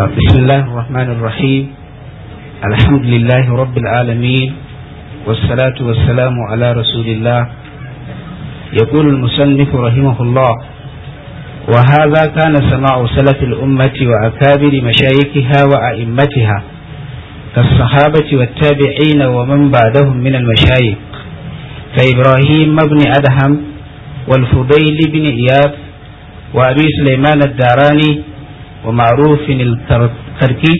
بسم الله الرحمن الرحيم الحمد لله رب العالمين والصلاة والسلام على رسول الله يقول المصنف رحمه الله وهذا كان سماع سلف الأمة وأكابر مشايخها وأئمتها كالصحابة والتابعين ومن بعدهم من المشايخ كإبراهيم بن أدهم والفضيل بن إياب وأبي سليمان الداراني ومعروف الكركي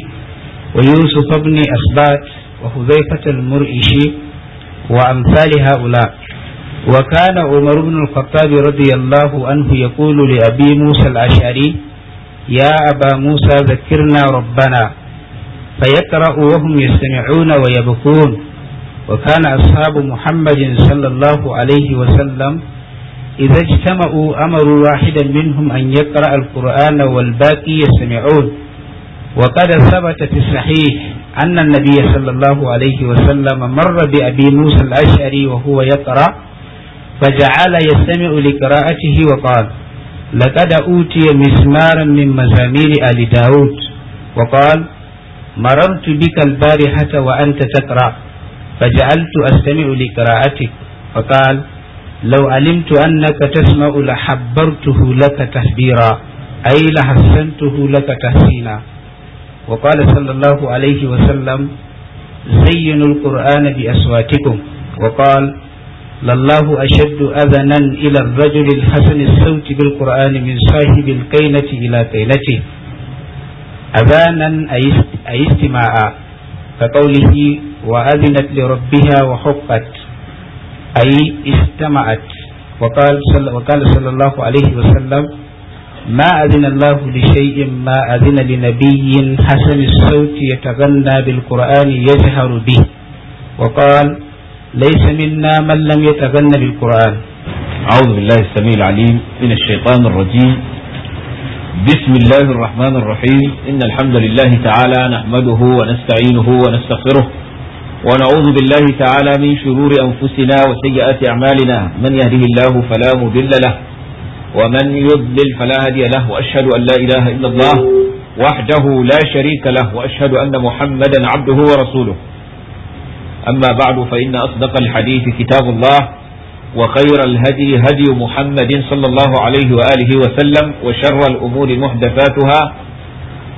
ويوسف بن أسبات وحذيفة المرئشي وأمثال هؤلاء وكان عمر بن الخطاب رضي الله عنه يقول لأبي موسى الأشعري يا أبا موسى ذكرنا ربنا فيقرأ وهم يستمعون ويبكون وكان أصحاب محمد صلى الله عليه وسلم إذا اجتمعوا أمروا واحدا منهم أن يقرأ القرآن والباقي يستمعون وقد ثبت في الصحيح أن النبي صلى الله عليه وسلم مر بأبي موسى الأشعري وهو يقرأ فجعل يستمع لقراءته وقال لقد أوتي مسمارا من مزامير آل داود وقال مررت بك البارحة وأنت تقرأ فجعلت أستمع لقراءتك فقال لو علمت أنك تسمع لحبرته لك تحبيرا أي لحسنته لك تحسينا وقال صلى الله عليه وسلم زينوا القرآن بأصواتكم وقال لله أشد أذنا إلى الرجل الحسن الصوت بالقرآن من صاحب الكينة إلى كينته أذانا أي استماعا كقوله وأذنت لربها وحقت أي استمعت وقال صلى, وقال صلى الله عليه وسلم ما أذن الله لشيء ما أذن لنبي حسن الصوت يتغنى بالقرآن يجهر به وقال ليس منا من لم يتغنى بالقرآن أعوذ بالله السميع العليم من الشيطان الرجيم بسم الله الرحمن الرحيم إن الحمد لله تعالى نحمده ونستعينه ونستغفره ونعوذ بالله تعالى من شرور أنفسنا وسيئات أعمالنا من يهده الله فلا مضل له ومن يضلل فلا هادي له وأشهد أن لا إله إلا الله وحده لا شريك له وأشهد أن محمدا عبده ورسوله أما بعد فإن أصدق الحديث كتاب الله وخير الهدي هدي محمد صلى الله عليه وآله وسلم وشر الأمور محدثاتها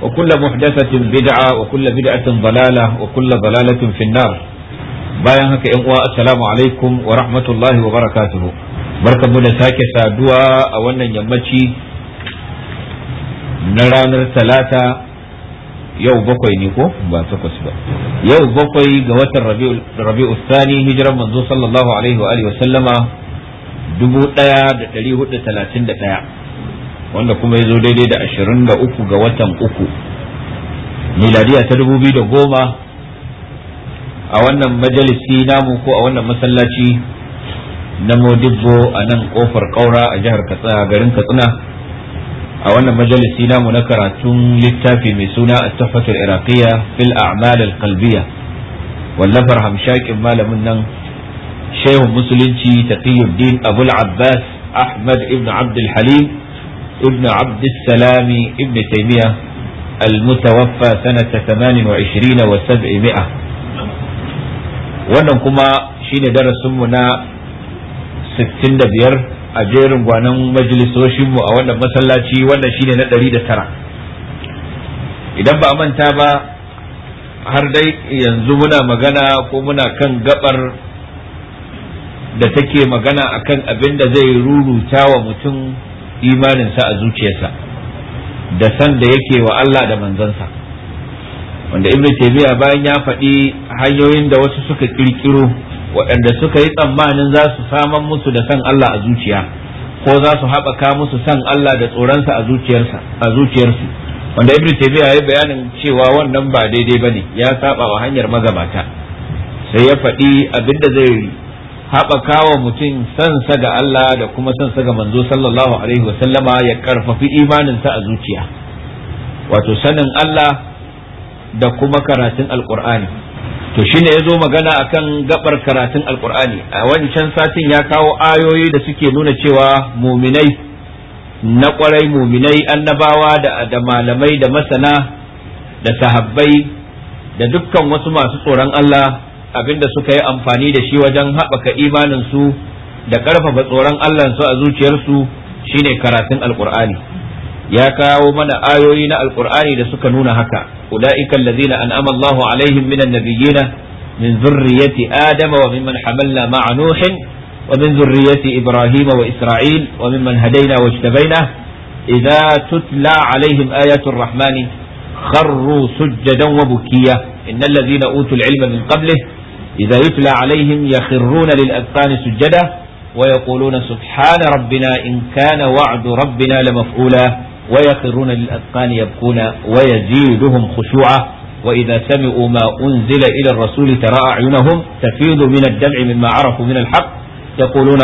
وكل محدثة بدعة وكل بدعة ضلالة وكل ضلالة في النار bayan haka yan uwa assalamu alaikum wa rahmatullahi wa barakatuhu barkamu da sake saduwa a wannan yammaci na ranar talata yau bakwai ne ko ba takwas ba yau bakwai ga watan rabi'u Sani hijiran manzo sallallahu alaihi wa alihi sallama dubu daya da dari hudu talatin da daya wanda kuma ya zo daidai da ashirin da uku ga watan uku miladiya ta dubu biyu da goma a wannan majalisi namu ko a wannan masallaci na modibbo a nan kofar kaura a jihar katsina garin katsina a wannan majalisi namu na karatun littafi mai suna a tafatul iraqiyya fil a'mal al wallafar hamshakin malamin nan shehun musulunci taqiyuddin abul abbas ahmad ibn abd al-halim ابن عبد السلام ابن تيمية المتوفى سنة 28 و700 wannan kuma shine darasinmu na 65 a jerin gwanon majalisoshinmu a wannan masallaci wannan ne na 109 idan ba a manta ba har dai yanzu muna magana ko muna kan gabar da take magana akan abin da zai ruruta wa mutum imaninsa a zuciyarsa da san da yake wa Allah da manzansa wanda ibn taymiya bayan ya faɗi hanyoyin da wasu suka kirkiro waɗanda suka yi tsammanin za su saman musu da san Allah a zuciya ko za su haɓaka musu san Allah da tsoronsa a zuciyarsa a zuciyarsu wanda ibn taymiya ya yi bayanin cewa wannan ba daidai bane ya saba wa hanyar magabata sai ya faɗi abinda zai haɓakawa mutum sansa ga Allah da kuma sansa ga manzo sallallahu alaihi wasallama ya karfafi imaninsa a zuciya wato sanin Allah da kuma karatun alkur'ani to shine ya zo magana akan gabar karatun alkur'ani a wancan satin ya kawo ayoyi da suke nuna cewa muminai na kwarai muminai annabawa da da malamai da masana da sahabbai da dukkan wasu masu tsoron Allah abinda suka yi amfani da shi wajen haɓaka imaninsu da ƙarfafa tsoron Allah su a zuciyarsu shine karatun alkur'ani ya kawo mana ayoyi na alkur'ani da suka nuna haka ulaika allazina an'ama Allahu alaihim minan nabiyina min zurriyyati adama wa mimman hamalna ma'a nuhin wa min zurriyyati ibrahima wa isra'il wa mimman hadaina wa ijtabaina idza tutla alaihim ayatu rahmani kharru sujjadan wa bukiya innal lazina utul ilma min qablihi إذا يتلى عليهم يخرون للأذقان سجدا ويقولون سبحان ربنا إن كان وعد ربنا لمفعولا ويخرون للأذقان يبكون ويزيدهم خشوعا وإذا سمعوا ما أنزل إلى الرسول ترى أعينهم تفيض من الدمع مما عرفوا من الحق يقولون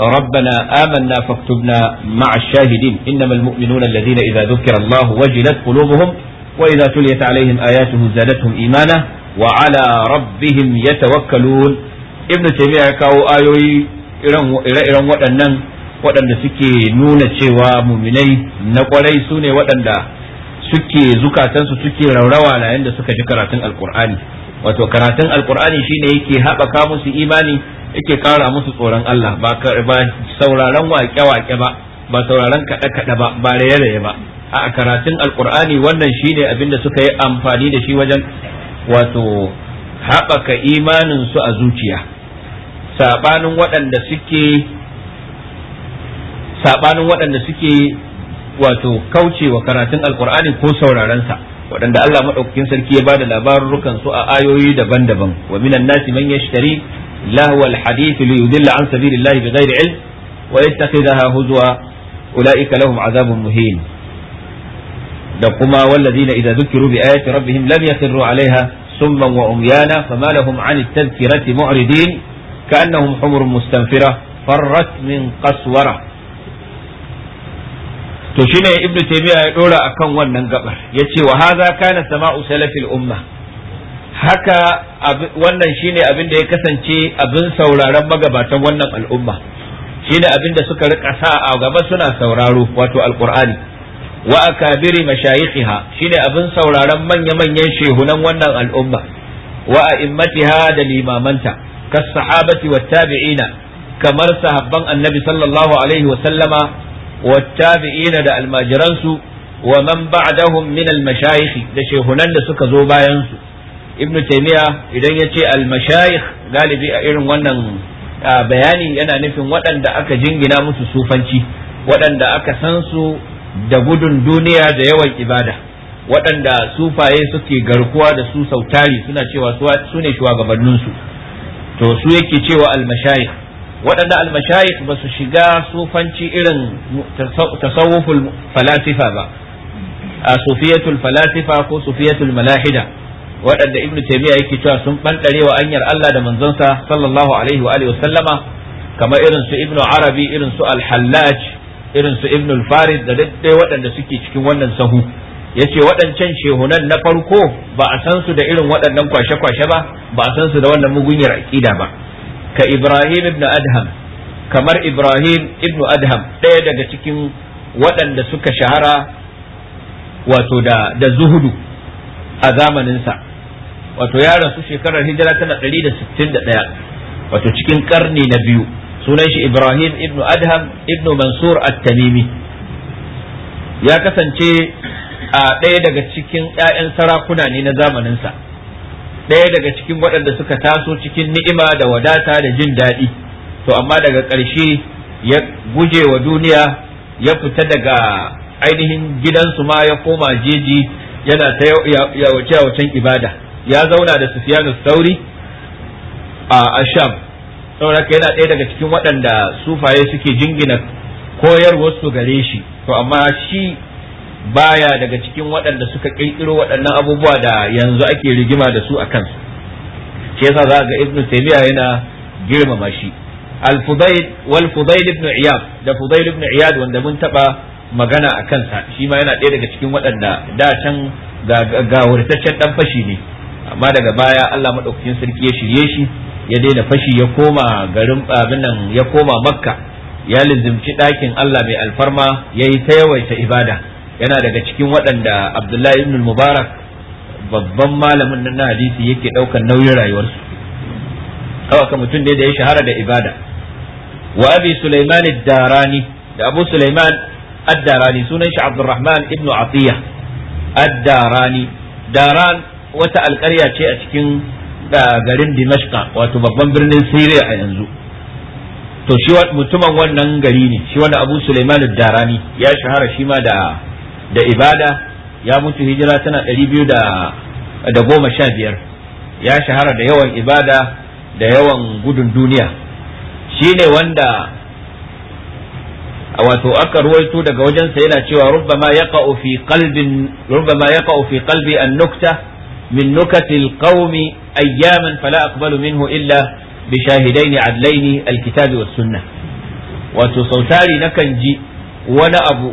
ربنا آمنا فاكتبنا مع الشاهدين إنما المؤمنون الذين إذا ذكر الله وجلت قلوبهم وإذا تليت عليهم آياته زادتهم إيمانا Wa'ala ala rabbihim yatawakkalun ibnu taymiya ya kawo ayoyi ire-iren waɗannan waɗanda suke nuna cewa muminai na kwarai su ne waɗanda suke zukatansu suke raurawa yayin da suka ji karatun alkur'ani wato karatun alkur'ani shine yake haɓaka musu imani yake kara musu tsoron Allah ba sauraron waƙe-waƙe ba ba sauraron kaɗe-kaɗe ba ba raye ba A'a karatun alkur'ani wannan shine abin da suka yi amfani da shi wajen wato haɓaka imaninsu a zuciya saɓanin waɗanda suke saɓanin waɗanda suke wato kaucewa karatun alkur'ani ko saurarensa waɗanda Allah maɗaukakin sarki ya bada labarurukan su a ayoyi daban-daban wa minan nasi man yashtari lahwal hadith li yudilla an sabilillahi bighairi ilm wa yattakhidha huzwa ulaika lahum azabun muhin da kuma wallazina idza zukiru bi ayati rabbihim lam yakhiru alaiha summan wa umyana fama lahum an at-tadhkirati mu'ridin ka'annahum humurun mustanfira farrat min qaswara to shine ibnu taymiya ya dora akan wannan gabar yace wa hadha kana sama'u salafil umma haka wannan shine abin da ya kasance abin sauraron magabatan wannan al'umma shine abin da suka rika sa a gaba suna sauraro wato alqur'ani wa akabiri mashayikhiha shine abin sauraron manya-manyan shehunan wannan al'umma wa a'immatiha da limamanta ka sahabati wat tabi'ina kamar sahabban annabi sallallahu alaihi wa sallama wat tabi'ina da almajiransu wa man ba'dahum min al da shehunan da suka zo bayan su ibnu taymiya idan yace ce mashayikh galibi a irin wannan bayani yana nufin waɗanda aka jingina musu sufanci waɗanda aka san su da gudun duniya da yawan ibada waɗanda sufaye suke garkuwa da su sautari suna cewa su ne shugabanninsu to su yake cewa almashayikh waɗanda almashayikh ba su shiga sufanci irin tasawuful falasifa ba a sufiyatul falasifa ko sufiyatul malahida waɗanda ibnu taymiya yake cewa sun wa anyar Allah da manzonsa sallallahu alaihi wa alihi sallama kamar irin su ibnu arabi irin su al-hallaj irin su ibn al-farid da dai waɗanda suke cikin wannan sahu yace waɗancan shehunan na farko ba a san su da irin waɗannan kwashe-kwashe ba ba a san su da wannan mugunyar aqida ba ka ibrahim ibn adham kamar ibrahim ibn adham ɗaya daga cikin waɗanda suka shahara wato da da zuhudu a zamaninsa wato ya rasu shekarar hijira tana 161 wato cikin karni na biyu sunan shi Ibrahim ibnu Adham ibnu Mansur at-Tamimi ya kasance a ɗaya daga cikin 'ya'yan sarakuna ne na zamaninsa ɗaya daga cikin waɗanda suka taso cikin ni'ima da wadata da jin daɗi to amma daga ƙarshe ya guje wa duniya ya fita daga ainihin gidansu ma ya koma jeji yana ta yawace-yawacen ibada ya zauna da Sufyanu Sauri a Asham saboda yana ɗaya daga cikin waɗanda sufaye suke jingina koyarwarsu gare shi to amma shi baya daga cikin waɗanda suka ƙirƙiro waɗannan abubuwa da yanzu ake rigima da su a kansu shi yasa za ga ibnu taymiya yana girmama shi al-fudail wal fudail ibn iyad da fudail ibn iyad wanda mun taba magana a kansa shi ma yana ɗaya daga cikin waɗanda da can ga wurtaccen dan fashi ne amma daga baya Allah madaukakin sarki ya shirye shi ya daina fashi ya koma garin abin nan ya koma makka ya lizimci ɗakin Allah mai alfarma ya yi ta yawaita ibada yana daga cikin waɗanda abdullahi ibn mubarak babban malamin na hadisi yake ɗaukar nauyin rayuwarsu kawaka mutum ne da ya shahara da ibada wa abi sulaiman darani da abu sulaiman ad-darani sunan shi abdurrahman ibn atiya ad-darani daran wata alƙarya ce a cikin da garin dimashka wato babban birnin siriya a yanzu to shi mutumin wannan gari ne shi wanda abu suleiman darani ya shahara shi ma da ibada ya mutu hijira tana ɗari biyu goma sha biyar ya shahara da yawan ibada da yawan gudun duniya shi ne wanda wato aka ruwaito daga wajensa yana cewa rubbama ma fi qalbin rubbama fi qalbi an-nukta min nukatil qaumi ayyaman fala aqbalu minhu illa bi shahidaini adlaini alkitabi was sunnah wato sautari nakan ji wani abu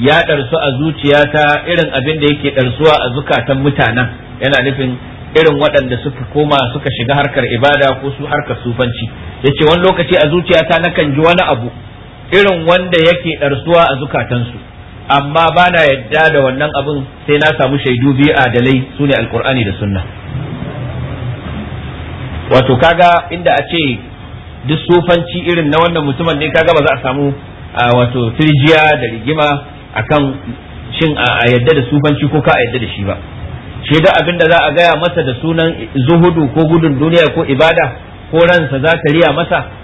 ya ɗarsu a zuciyata irin abin da yake ɗarsuwa a zukatan mutanen yana nufin irin waɗanda suka suka shiga harkar ibada ko su harkar sufanci yace lokaci a zuciyata nakan ji wani abu irin wanda yake ɗarsuwa a zukatansu amma ba na yadda da wannan abin sai na samu shaidu biyu a dalai su ne alkur'ani da sunna wato kaga inda a ce duk sufanci irin na wannan mutumin ne kaga ba za a samu wato firjiya da rigima akan shin a yadda da sufanci ko ka a yadda da shi ba shi da abin da za a gaya masa da sunan zuhudu ko gudun duniya ko ibada ko ransa za ta riya masa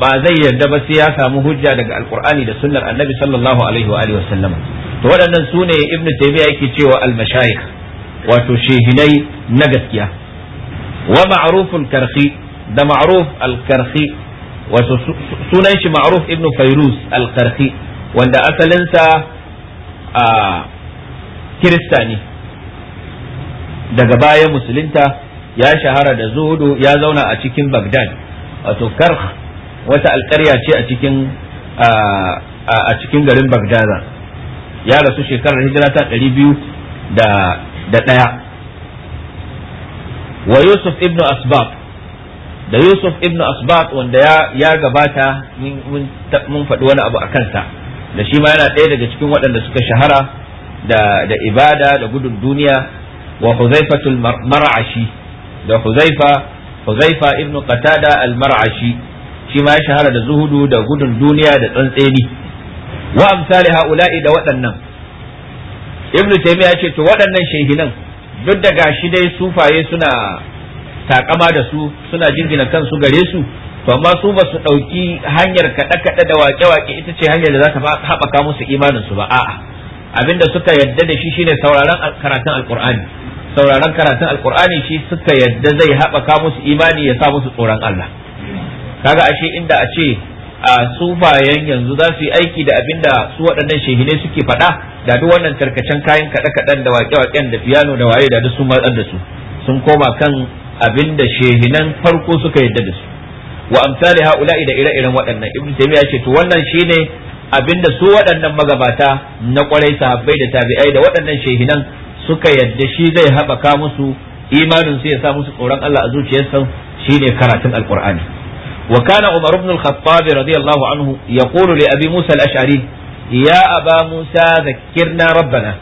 ba zai yarda ba sai ya samu hujja daga alkur'ani da sunnar annabi sallallahu alaihi wa alihi wasallam to waɗannan sune ibnu taymiya yake cewa al-mashayikh wato shehinai na gaskiya wa ma'ruful karhi da ma'ruf al wato sunan shi ma'ruf ibnu Fayrus al wanda asalinsa a kirista ne daga baya musulunta ya shahara da zuhudu ya zauna a cikin bagdad wato karh wata alƙarya ce a cikin a cikin garin Bagdaza ya rasu shekarar hijira ta ɗari biyu da ɗaya wa Yusuf ibn Asbab da Yusuf ibn Asbab wanda ya gabata mun faɗi wani abu a kansa da shi ma yana ɗaya daga cikin waɗanda suka shahara da ibada da gudun duniya wa Huzaifatul Mar'ashi da Huzaifa Huzaifa ibn Qatada al-Mar'ashi shi ma ya shahara da zuhudu da gudun duniya da tsantseni wa amsali haula'i da waɗannan ibnu taymiya ya ce to waɗannan shehinan duk da gashi dai sufaye suna takama da su suna jingina kansu gare su to amma su ba su ɗauki hanyar kaɗe-kaɗe da wake waƙe ita ce hanyar da za ta haɓaka musu imanin su ba a'a abinda suka yadda da shi shine sauraron karatun alƙur'ani sauraron karatun alƙur'ani shi suka yadda zai haɓaka musu imani ya sa musu tsoron Allah kaga ashe inda a ce a sufayen yanzu za su yi aiki da abin da su waɗannan shehine suke faɗa da duk wannan tarkacen kayan kaɗe-kaɗen da waƙe-waƙen da fiyano da waye da duk sun matsar da su sun koma kan abin da shehinan farko suka yadda da su wa amsali ha'ula'i da ire-iren waɗannan ibn taymiya ce to wannan shine abin da su waɗannan magabata na ƙwarai sahabbai da tabi'ai da waɗannan shehinan suka yadda shi zai haɓaka musu imanin su ya sa musu tsoron Allah a zuciyarsa shine karatun alƙur'ani وكان عمر بن الخطاب رضي الله عنه يقول لأبي موسى الأشعري يا أبا موسى ذكرنا ربنا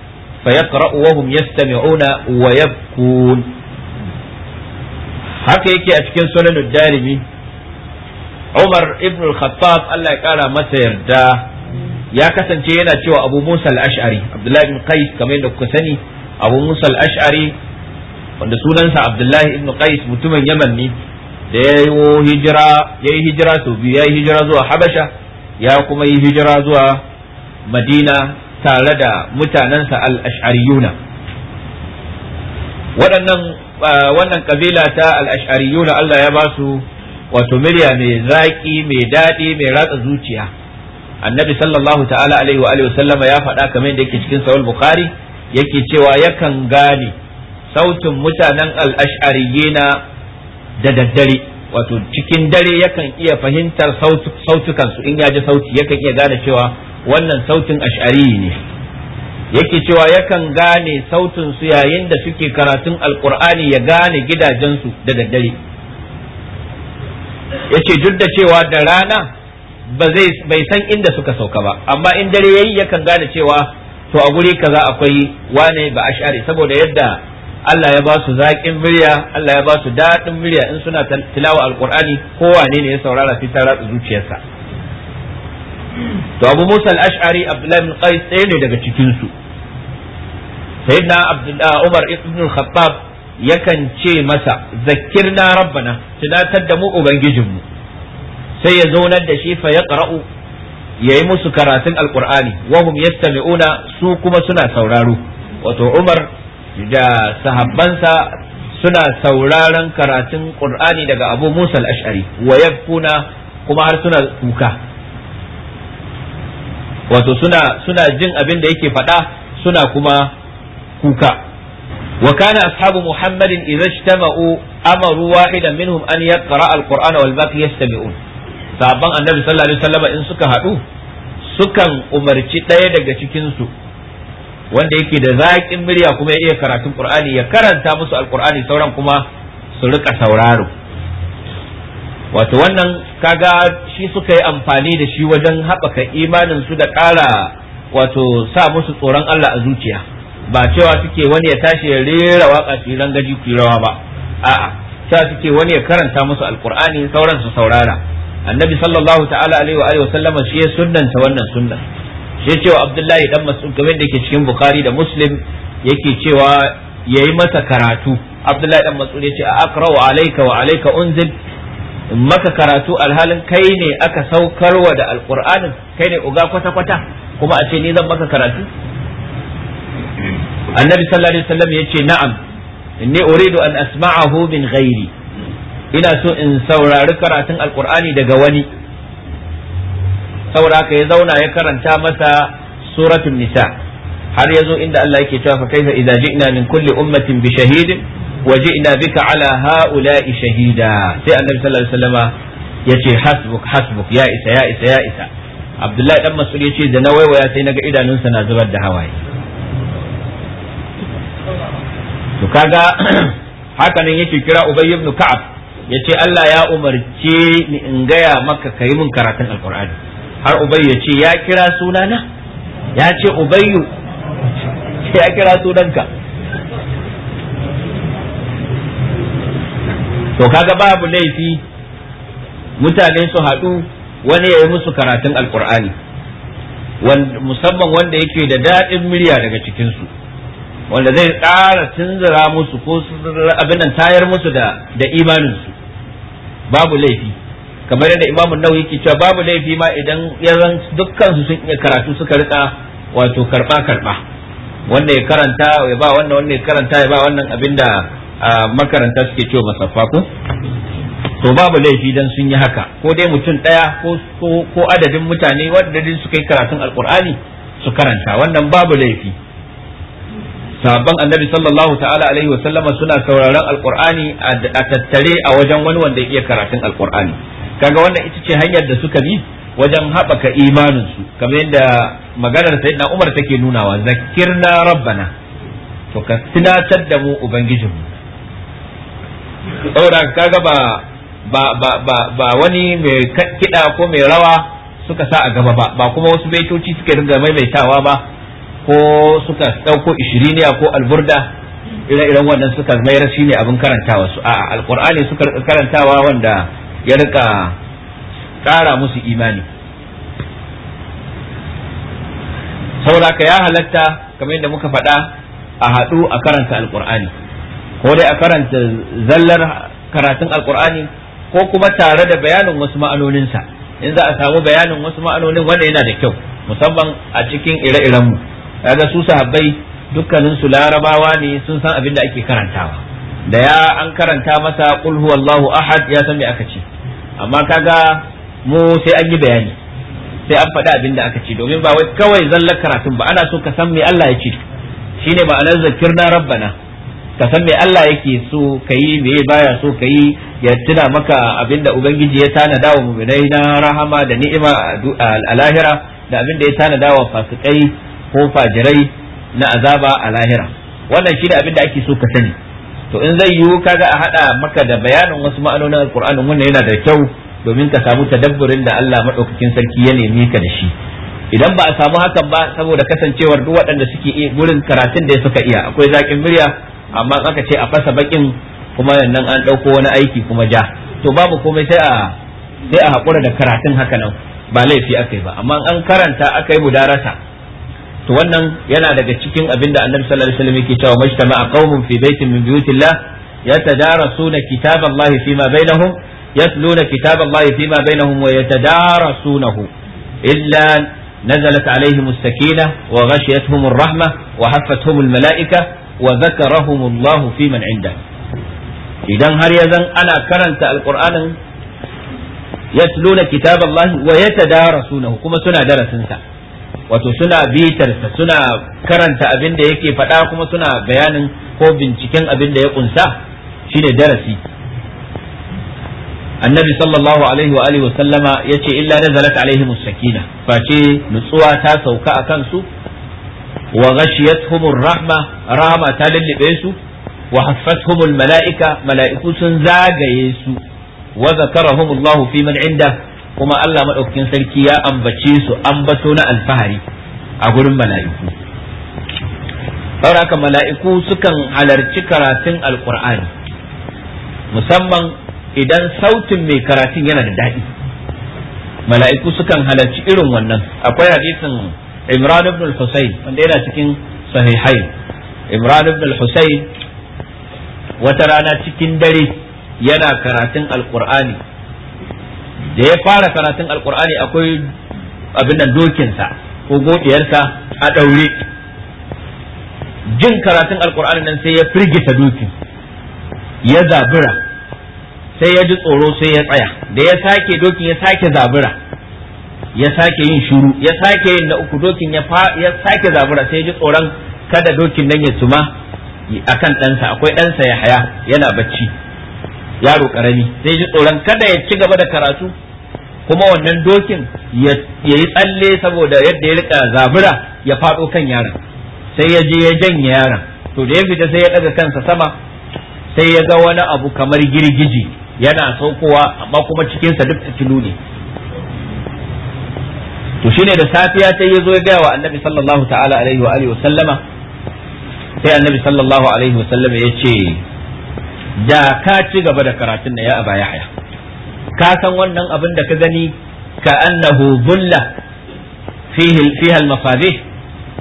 فيقرأ وهم يستمعون ويبكون haka yake a cikin sunan darimi Umar ibn al-Khattab Allah ya kara masa yarda ya kasance yana cewa Abu Musa al-Ash'ari ibn Qais kamar yadda sani Abu Musa al wanda sunansa Abdullahi ibn Qais mutumin Yaman ne da ya yi hijira ya yi hijira sau biyu ya yi hijira zuwa habasha ya kuma yi hijira zuwa madina tare da mutanensa al'ashariyuna waɗannan wannan ƙabila ta al'ashariyuna Allah ya ba su wato murya mai zaƙi mai daɗi mai ratsa zuciya annabi sallallahu ta'ala alaihi wa ya faɗa kamar yadda yake cikin sawul bukhari yake cewa yakan gane sautin mutanen al da daddare wato cikin dare yakan iya fahimtar sautukansu in ya ji sauti yakan iya gane cewa wannan sautin ash'ari ne yake cewa yakan gane sautin su yayin da suke karatun alkur'ani ya gane gidajensu da daddare yace duk da cewa da rana ba zai bai san inda suka sauka ba amma in dare yayi yakan gane cewa to a guri kaza akwai wane ba ash'ari saboda yadda Allah ya ba su zaƙin murya Allah ya ba su daɗin murya in suna tilawa alqur'ani kowane ne ya saurara sai ta zuciyarsa to Abu Musa al-Ash'ari Abdullah bin Qais ɗaya ne daga cikin su sayyidina Abdullah Umar ibn al-Khattab yakan ce masa zakkirna rabbana tunatar da mu ubangijinmu sai ya zaunar da shi fa yaqra'u ya yi musu karatun alkur'ani wahum yastami'una su kuma suna sauraro wato umar da sahabbansa suna sauraron karatun qur'ani daga abu musa al-ash'ari wa yabkuna kuma har suna kuka wato suna suna jin abin da yake faɗa suna kuma kuka wa kana ashabu muhammadin idza ijtama'u amaru wahidan minhum an yaqra al-qur'ana wal baqi yastami'un sahabban annabi sallallahu alaihi wasallam in suka haɗu sukan umarci ɗaya daga cikin su wanda yake da zaƙin murya kuma ya iya karatun ƙur'ani ya karanta musu alƙur'ani sauran kuma su rika sauraro wato wannan kaga shi suka yi amfani da shi wajen haɓaka imanin su da ƙara wato sa musu tsoron Allah a zuciya ba cewa suke wani ya tashi ya rera waka su yi rangaji ku rawa ba a'a cewa suke wani ya karanta musu alqur'ani sauran su saurara annabi sallallahu ta'ala alaihi wa wa sallama shi ya sunnanta wannan sunna shi cewa abdullahi dan mas'ud kamar da ke cikin bukhari da muslim yake cewa yayi masa karatu abdullahi dan mas'ud yace a aqra'u alayka wa alayka unzil maka karatu alhalin kai ne aka saukarwa da alqur'anin kai ne uga kwata kwata kuma a ce ni zan maka karatu annabi sallallahu alaihi wasallam yace na'am inni uridu an asma'ahu min ghairi ina so in saurari karatun alqur'ani daga wani saboda haka ya zauna ya karanta masa suratul nisa har yazo inda Allah yake cewa fa kaifa idza ji'na min kulli ummatin bi Waje wa ji'na bika ala haula'i shahida sai annabi sallallahu alaihi wasallama yace hasbuk hasbuk ya isa ya isa ya isa Abdullahi dan Mas'ud yace da na waiwaya sai naga idanunsa na zubar da hawaye to kaga hakanan yake kira Ubay ibn Ka'ab yace Allah ya umarce ni in gaya maka kai mun karatun Alqur'ani har ubayyu ya ce ya kira sunana ya ce ubayu ya kira sunanka to kaga babu laifi mutane su haɗu wani ya yi musu karatun alkur'ani musamman wanda yake da daɗin murya daga cikinsu wanda zai ƙara tunzura musu ko abinan tayar musu da imaninsu babu laifi kamar yadda imamun nau ke cewa babu laifi ma idan yaran dukkan su sun iya karatu suka rika wato karba karba wanda ya karanta ya ba wannan wanda ya karanta ya ba wannan abinda makaranta suke cewa masaffa ko to babu laifi dan sun yi haka ko dai mutum daya ko ko adadin mutane wanda din suka yi karatun alqur'ani su karanta wannan babu laifi sabon annabi sallallahu ta'ala alaihi wa sallama suna sauraron alqur'ani a tattare a wajen wani wanda ya iya karatun alqur'ani kaga wannan ita ce hanyar da suka bi wajen haɓaka imaninsu kamar yadda maganar sayyidina Umar take nunawa zakirna rabbana to ka tunatar da mu ubangijinmu saboda kaga ba ba ba ba, ba wani mai kiɗa ko mai rawa suka sa a gaba ba ba kuma wasu baitoci suka mai maimaitawa ba ko suka ɗauko ishiriniya ko alburda ire-iren wannan suka mayar shi ne abin karantawa su a'a alqur'ani suka karantawa wanda ya rika ƙara musu imani saboda ka ya halatta kamar yadda muka faɗa a haɗu a karanta alƙur'ani ko dai a karanta zallar karatun alƙur'ani ko kuma tare da bayanin wasu ma'anoninsa in za a samu bayanin wasu ma'anonin wanda yana da kyau musamman a cikin ire-irenmu kaga su sahabbai dukkanin su larabawa ne sun san abin da ake karantawa da ya an karanta masa qul huwallahu ahad ya san me aka ce amma kaga mu sai an yi bayani sai an faɗi abin da aka ci domin ba wai kawai zallar karatun ba ana so ka san me Allah ya ce shine ma'anar zakirna rabbana ka san me Allah yake so kayi me baya so yi ya tuna maka abin da ubangiji ya tanada wa mu'minai na rahama da ni'ima a lahira da abin da ya tanada wa fasikai ko fajirai na azaba a lahira wannan shine abin da ake so ka sani to in zai yiwu kaga a hada maka da bayanin wasu ma'anonin alqur'anin wannan yana da kyau domin ka samu tadabburin da Allah madaukakin sarki ya nemi ka da shi idan ba a samu hakan ba saboda kasancewar duk waɗanda suke gurin karatun da suka iya akwai zakin murya amma aka ce a fasa bakin kuma nan an ɗauko wani aiki kuma ja to babu komai sai a sai a hakura da karatun haka nan ba laifi akai ba amma an karanta aka yi darasa. to wannan yana daga cikin abinda annabi sallallahu alaihi wasallam yake cewa majtama'a qaumun fi baitin min buyutillah yatadarasuna kitaballahi fima bainahum yatluna kitaballahi fima bainahum wa yatadarasunahu illa نزلت عليهم السكينة وغشيتهم الرحمة وحفتهم الملائكة وذكرهم الله في من عنده idan har ya zan ana karanta alkur'anin yatluna kitaballahi wa yatadarasunahu kuma suna darasinsa wato suna bitarsa suna karanta abin da yake faɗa kuma suna bayanin ko binciken abin da ya kunsa shine darasi annabi sallallahu alaihi wa alihi sallama yace illa nazalat alaihim sakina face nutsuwa ta sauka akan su wa ghashiyatuhum rahma rahma ta lullube su wa haffatuhum mala'ika mala'iku sun zagaye su wa zakarahum Allah fi man inda kuma Allah madaukakin sarki ya ambace su ambato na alfahari a gurin mala'iku sauraka mala'iku sukan halarci karatun alkur'ani musamman idan sautin mai karatun yana da daɗi mala'iku sukan halarci irin wannan akwai hadisin imran ibn al-husayn wanda yana cikin sahihai imran ibn al-husayn wata rana cikin dare yana karatun alkur'ani da ya fara karatun alkur'ani akwai abin nan dokinsa ko godiyarsa a ɗaure jin karatun alkur'ani nan sai ya firgita dokin ya zabura sai ya ji tsoro sai ya tsaya da ya sake dokin ya sake zabura ya sake yin shuru ya sake yin na uku dokin ya sake zabura sai ya ji tsoron kada dokin nan ya tuma akan ɗansa akwai ɗansa ya haya yana bacci yaro karami zai ji tsoron kada ya ci gaba da karatu kuma wannan dokin ya yi tsalle saboda yadda ya rika zabura ya faɗo kan yaron sai ya je ya janye yaron to da ya fita sai ya ɗaga kansa sama sai ya ga wani abu kamar girgiji yana saukowa amma kuma cikinsa duk fitilu ne to shine da safiya sai ya zo ya gaya wa annabi sallallahu ta'ala alaihi wa alihi wa sallama sai annabi sallallahu alaihi wa sallama ya ce da ka ci gaba da karatun na ya aba haya ka san wannan abin da ka gani ka annahu bulla fihi fiha al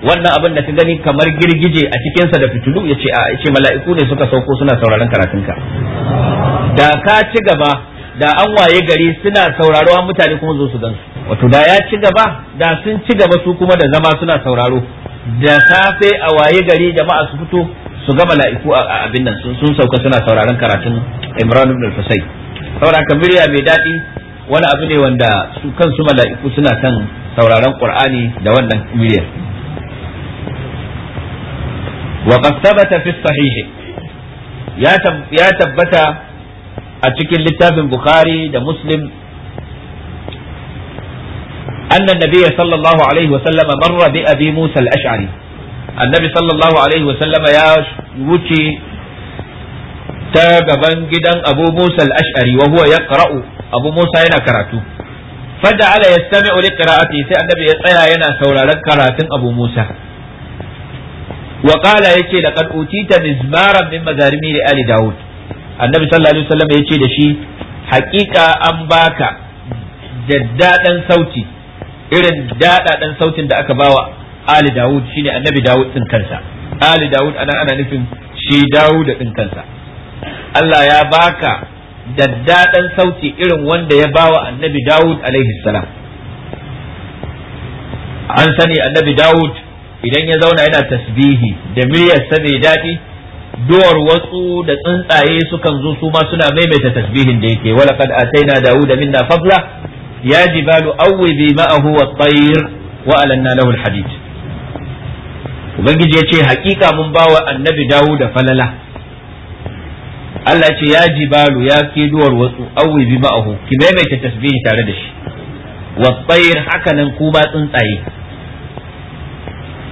wannan abin da ka gani kamar girgije a cikinsa da fitulu ya ce a ce mala'iku ne suka sauko suna sauraron karatunka da ka ci gaba da an waye gari suna sauraro an mutane kuma zo su gan su wato da ya ci gaba da sun ci gaba su kuma da zama suna sauraro da safe a waye gari jama'a su fito su ga mala'iku a abin nan sun sauka suna sauraron karatun Imran ibn al-Fasai saboda kabiriya mai daɗi wani abu ne wanda su kansu mala'iku suna kan sauraron Qur'ani da wannan muryar wa qad thabata fi sahih ya tabbata a cikin littafin Bukhari da Muslim أن النبي صلى الله عليه وسلم مر بأبي موسى الأشعري annabi sallallahu alaihi wasallama ya wuce ta gaban gidan abu musa al-ash'ari wa huwa ƙara'u abu musa yana karatu Fadda ya sami li qira'ati sai annabi ya tsaya yana sauraron karatun abu musa wa qala yace laqad utita mizmaran min mazarimi li ali Dawud. annabi sallallahu alaihi ya ce da shi haƙiƙa an baka jaddadan sauti irin dadadan sautin da aka bawa ali dawud shine annabi dawud din kansa ali dawud anan ana nufin shi dawud din kansa Allah ya baka daddadan sauti irin wanda ya bawa annabi dawud alaihi salam an sani annabi dawud idan ya zauna yana tasbihi da muryarsa mai daɗi duwar wasu da tsuntsaye sukan zo su ma suna maimaita tasbihin da yake wala kad ataina dawuda minna fadla ya jibalu awwibi ma'ahu wat-tayr wa alanna lahu al-hadid ubangiji ya ce hakika mun bawa annabi dawo da falala Allah ce ya jibalu ya ke duwar wasu "Awwi bi ma'ahu ki maimaita tasbihi tare da shi wasbayir haka nan kuma tsuntsaye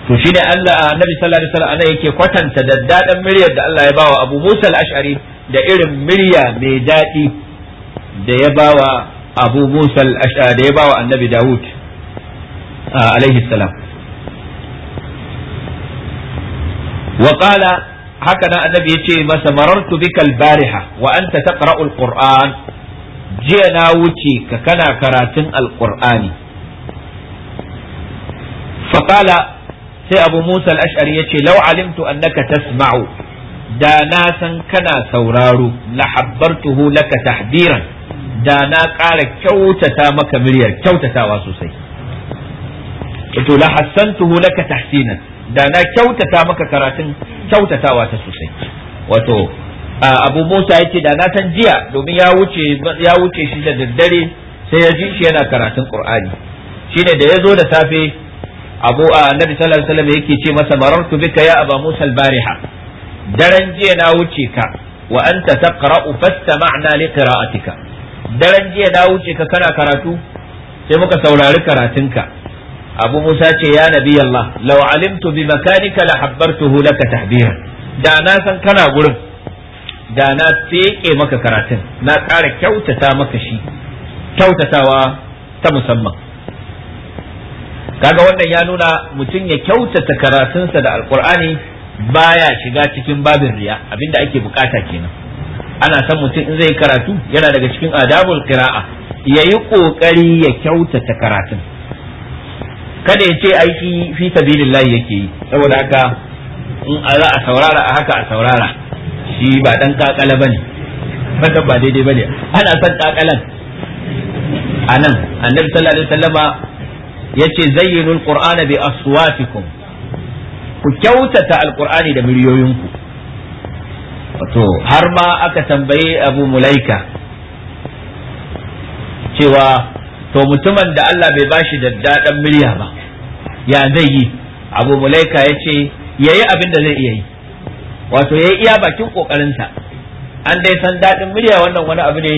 to shi ne Allah annabi sallallahu alaihi wasallam yake kwatanta da daddadan miryar da Allah ya bawa Abu Musa al-Ash'ari da irin mirya mai daɗi da ya bawa Abu Musa al-Ash'ari da ya bawa Annabi Dawud alaihi salam wa qala haka nan annabi yace masa marar bika al-bariha wa'anta anta taqra'u al-qur'an jiya na wuce ka kana karatun al-qur'ani fa sai abu musa al-ash'ari yace law alimtu annaka tasma'u da na san kana sauraro la habbartuhu laka tahdiran da na ƙara kyautata maka miryar kyautatawa sosai wato tuhu hassantuhu laka tahsinan da na kyautata maka karatun kyautatawa ta sosai wato abu musa ya ce da na san jiya domin ya wuce shi da daddare sai ya ji shi yana karatun qur'ani shine da ya zo da safe abu annabi sallallahu alaihi wasallam yake ce masa marartu bika ya aba musa al-bariha daren jiya na wuce ka wa anta taqra'u fastama'na li qira'atika daren jiya na wuce ka kana karatu sai muka saurari karatunka abu musa ce ya nabi allah law alimtu bi makanika la habbartuhu laka tahbira da na san kana gurin da na tseke maka karatun na ƙara kyautata maka shi kyautatawa ta musamman kaga wannan ya nuna mutum ya kyautata karatunsa da alkur'ani baya shiga cikin babin riya abinda ake bukata kenan ana san mutum in zai karatu yana daga cikin adabul qira'a yayi kokari ya kyautata karatun kada ya ce aiki fi sabilillahi yake yi saboda haka in za a saurara a haka a saurara shi ba dan kakala bane wannan ba daidai bane ana san kakalan anan annabi sallallahu alaihi wasallama yace zayyinul qur'ana bi aswatikum ku kyautata alqur'ani da miliyoyinku wato har ma aka tambaye abu mulaika cewa to mutumin da Allah bai bashi da dadan murya ba ya zai yi abu mulaika ya ce ya yi abin da zai iya yi wato ya yi iya bakin ƙoƙarinsa an dai san daɗin murya wannan wani abu ne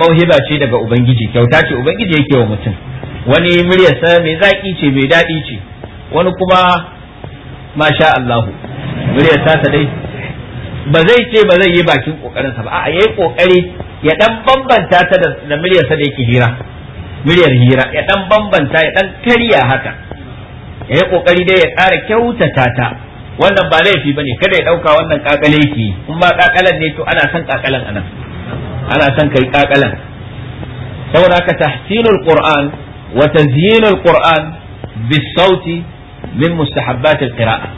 mauhiba ce daga ubangiji kyauta ce ubangiji yake wa mutum wani muryarsa mai zaƙi ce mai daɗi ce wani kuma masha Allahu muryarsa ta dai ba zai ce ba zai yi bakin ƙoƙarinsa ba a yayi ƙoƙari ya dan bambanta ta da muryarsa da yake hira Miliyar hira ya dan bambanta ya dan karya haka ya yi kokari dai ya ƙara kyautata ta wannan ba laifi bane kada ya dauka wannan kakale ki in ba kakalan ne to ana son kakalan anan ana son kai kakalan saboda ka tahsinul qur'an wa tazyinul qur'an bis sauti min mustahabbatil qira'a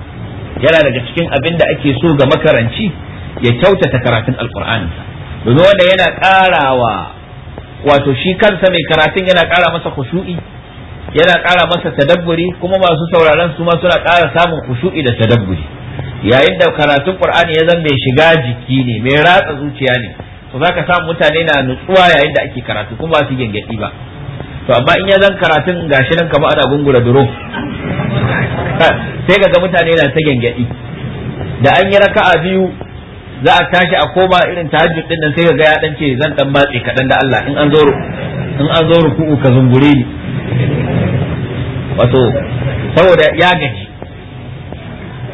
yana daga cikin abin da ake so ga makaranci ya kyautata karatun alqur'ani domin wanda yana ƙarawa wato shi kansa mai karatun yana ƙara masa khushu'i yana ƙara masa tadabburi kuma masu sauraron su ma suna ƙara samun khushu'i da tadabburi yayin da karatun qur'ani ya zama mai shiga jiki ne mai ratsa zuciya ne to zaka samu mutane na nutsuwa yayin da ake karatu kuma ba su gengedi ba to amma in ya zan karatun gashi nan kamar ana gungura duro sai ga mutane na ta gengedi da an yi raka'a biyu za a tashi a koma irin tahajjud din nan sai ka ga ya dan ce zan dan matse kadan da Allah in an zo in an zo ruku'u ka zungure ni wato saboda ya gaji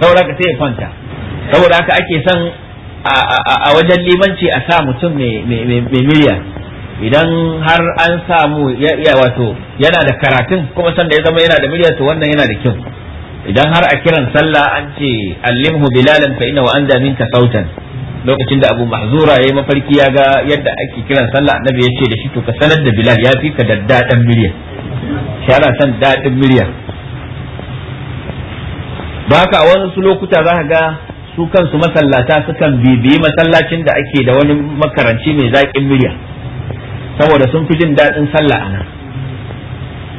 saboda ka sai ya kwanta saboda haka ake son a wajen limanci a sa mutum mai miliya idan har an samu ya wato yana da karatun kuma sanda ya zama yana da miliya to wannan yana da kyau idan har a kiran sallah an ce allimhu bilalan fa inna wa anda minka sautan lokacin da abu mahzura ya yi mafarki ya ga yadda ake kiran sallah annabi ya ce da shi to ka sanar da bilal ya fi ka daddaɗan miliya shi ana son daɗin miliya ba haka a wasu lokuta za ka ga su kansu masallata sukan bibiyi masallacin da ake da wani makaranci mai zaƙin miliya saboda sun fi jin daɗin sallah a nan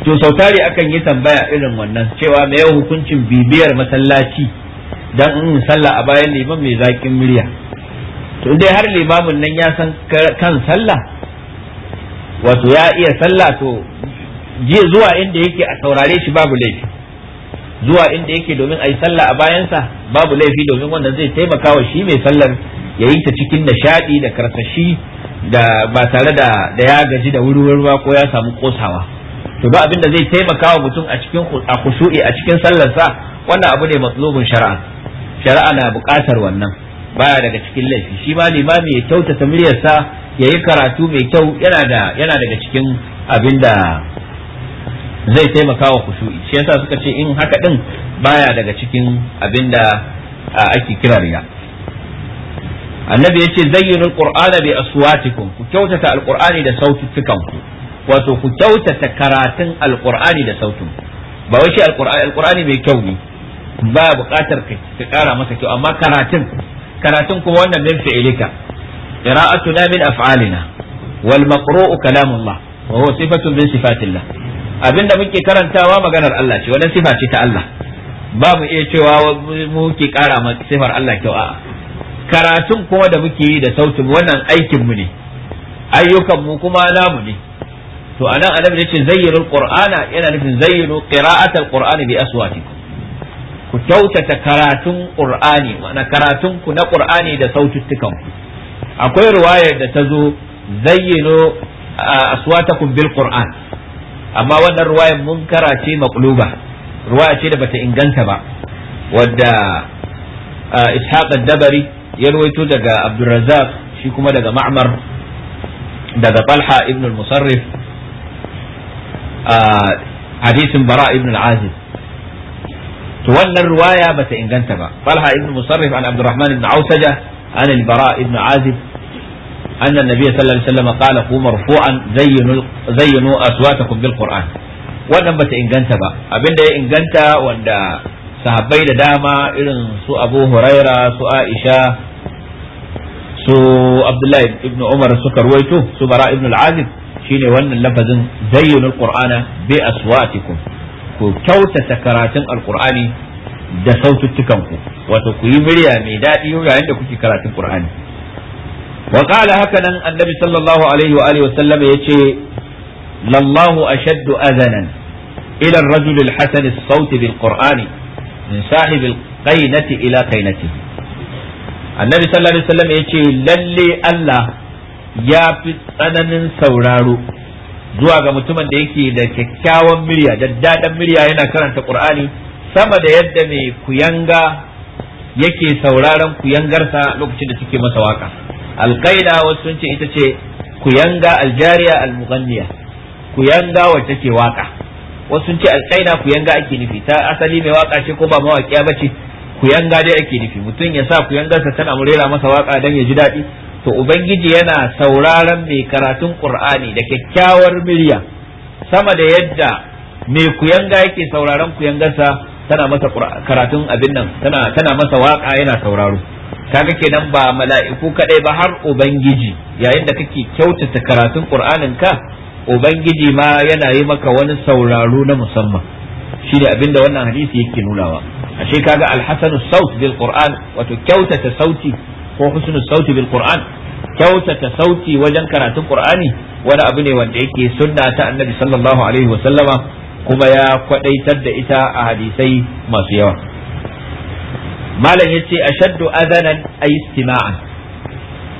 to sautari akan yi tambaya irin wannan cewa me yau hukuncin bibiyar masallaci dan in sallah a bayan liman mai zaƙin murya to dai har limamin nan ya san kan sallah wato ya iya sallah to zuwa inda yake a saurare shi babu laifi zuwa inda yake domin a yi sallah a bayansa babu laifi domin wanda zai taimaka wa shi mai sallar ya yi ta cikin nishaɗi da karsashi da ba tare da da ya gaji da wurwurwa ko ya samu kosawa to ba abin da zai taimaka wa mutum a cikin a kusu'i a cikin sallarsa wannan abu ne matsalobin shari'a shari'a na buƙatar wannan baya daga cikin laifi shi ma limami ya kyautata muryarsa ya yi karatu mai kyau yana daga cikin abin da zai taimaka wa kushu'i shi yasa suka ce in haka din baya daga cikin abin da ake kira riya annabi ya ce zayyinul qur'ana bi aswatikum ku kyautata alqur'ani da ku wato ku kyautata karatun alqur'ani da sautun ba wai shi alqur'ani mai kyau ne ba buƙatar ka ƙara masa kyau amma karatun karatun kuma wannan min fi'ilika qira'atuna min af'alina wal maqru'u kalamullah wa huwa sifatun min sifatillah abinda muke karantawa maganar Allah ce wannan ta Allah ba mu iya cewa mu ke kara ma sifar Allah kyau a'a karatun kuma da muke yi da sautin wannan aikin mu ne ayyukan mu kuma namu ne to anan annabi yace zayyinul qur'ana yana nufin zayyinu qira'atal qur'ani bi aswatikum ku kyautata karatun qur'ani ma'ana karatun ku na ƙur'ani da saututtukan ku akwai ruwayar da ta zo zayyano aswatakum bil qur'an amma wannan riwayar munkara ce makuluba ruwaya ce da bata inganta ba wadda ishaq ad-dabari ya rawaito daga abdurrazzaq shi kuma daga ma'mar daga talha ibn al hadisin bara ibn al-aziz to wannan ruwaya bata inganta ba falha ibn musarrif an abdurrahman ibn ausaja an al-bara ibn azib أن النبي صلى الله عليه وسلم قال قوا مرفوعا زينوا زينوا أصواتكم Qur'an. wannan bata inganta ba abin da ya inganta wanda sahabbai da dama irin su abu huraira su aisha su abdullahi ibn umar suka ruwaito su bara ibn al-azib shine wannan lafazin zayyinu al-qur'ana bi aswatikum ku kyautata karatun alkur'ani da saututtukan ku wato ku yi murya mai daɗi yayin da kuke karatun qur'ani wa qala haka nan annabi sallallahu alaihi wa alihi wa yace lallahu ashaddu azanan ila ar-rajul al-hasan as-sawt bil qur'ani min sahib al-qainati ila qainati annabi sallallahu alaihi wa sallam yace lalle Allah ya fi tsananin sauraro zuwa ga mutumin da yake da kyakkyawan murya daddadan murya yana karanta qur'ani sama da yadda mai kuyanga yake sauraron kuyangarsa lokacin da suke masa waka alqaida wasu sun ce ita ce kuyanga aljariya almughanniya kuyanga wacce ke waka wasu sun ce alqaida kuyanga ake nufi ta asali mai waka ce ko ba mawaƙiya bace kuyanga dai ake nufi mutum ya sa kuyangarsa tana murera masa waka dan ya ji daɗi to ubangiji yana sauraron mai karatun qur'ani da kyakkyawar murya sama da yadda mai kuyanga yake sauraron kuyangarsa tana masa karatun abin nan tana tana masa waka yana sauraro kaga kenan ba mala'iku kadai ba har ubangiji yayin da kake kyautata karatun qur'anin ka ubangiji ma yana yi maka wani sauraro na musamman shi ne abinda wannan hadisi yake nunawa ashe kaga alhasanu saut bil qur'an wato kyautata sauti ko husnu sauti bil qur'an kyautata sauti wajen karatun qur'ani wani abu ne wanda yake sunna ta annabi sallallahu alaihi wa sallama kuma ya kwadaitar da ita a hadisai masu yawa malam yace ashaddu adanan ay istima'an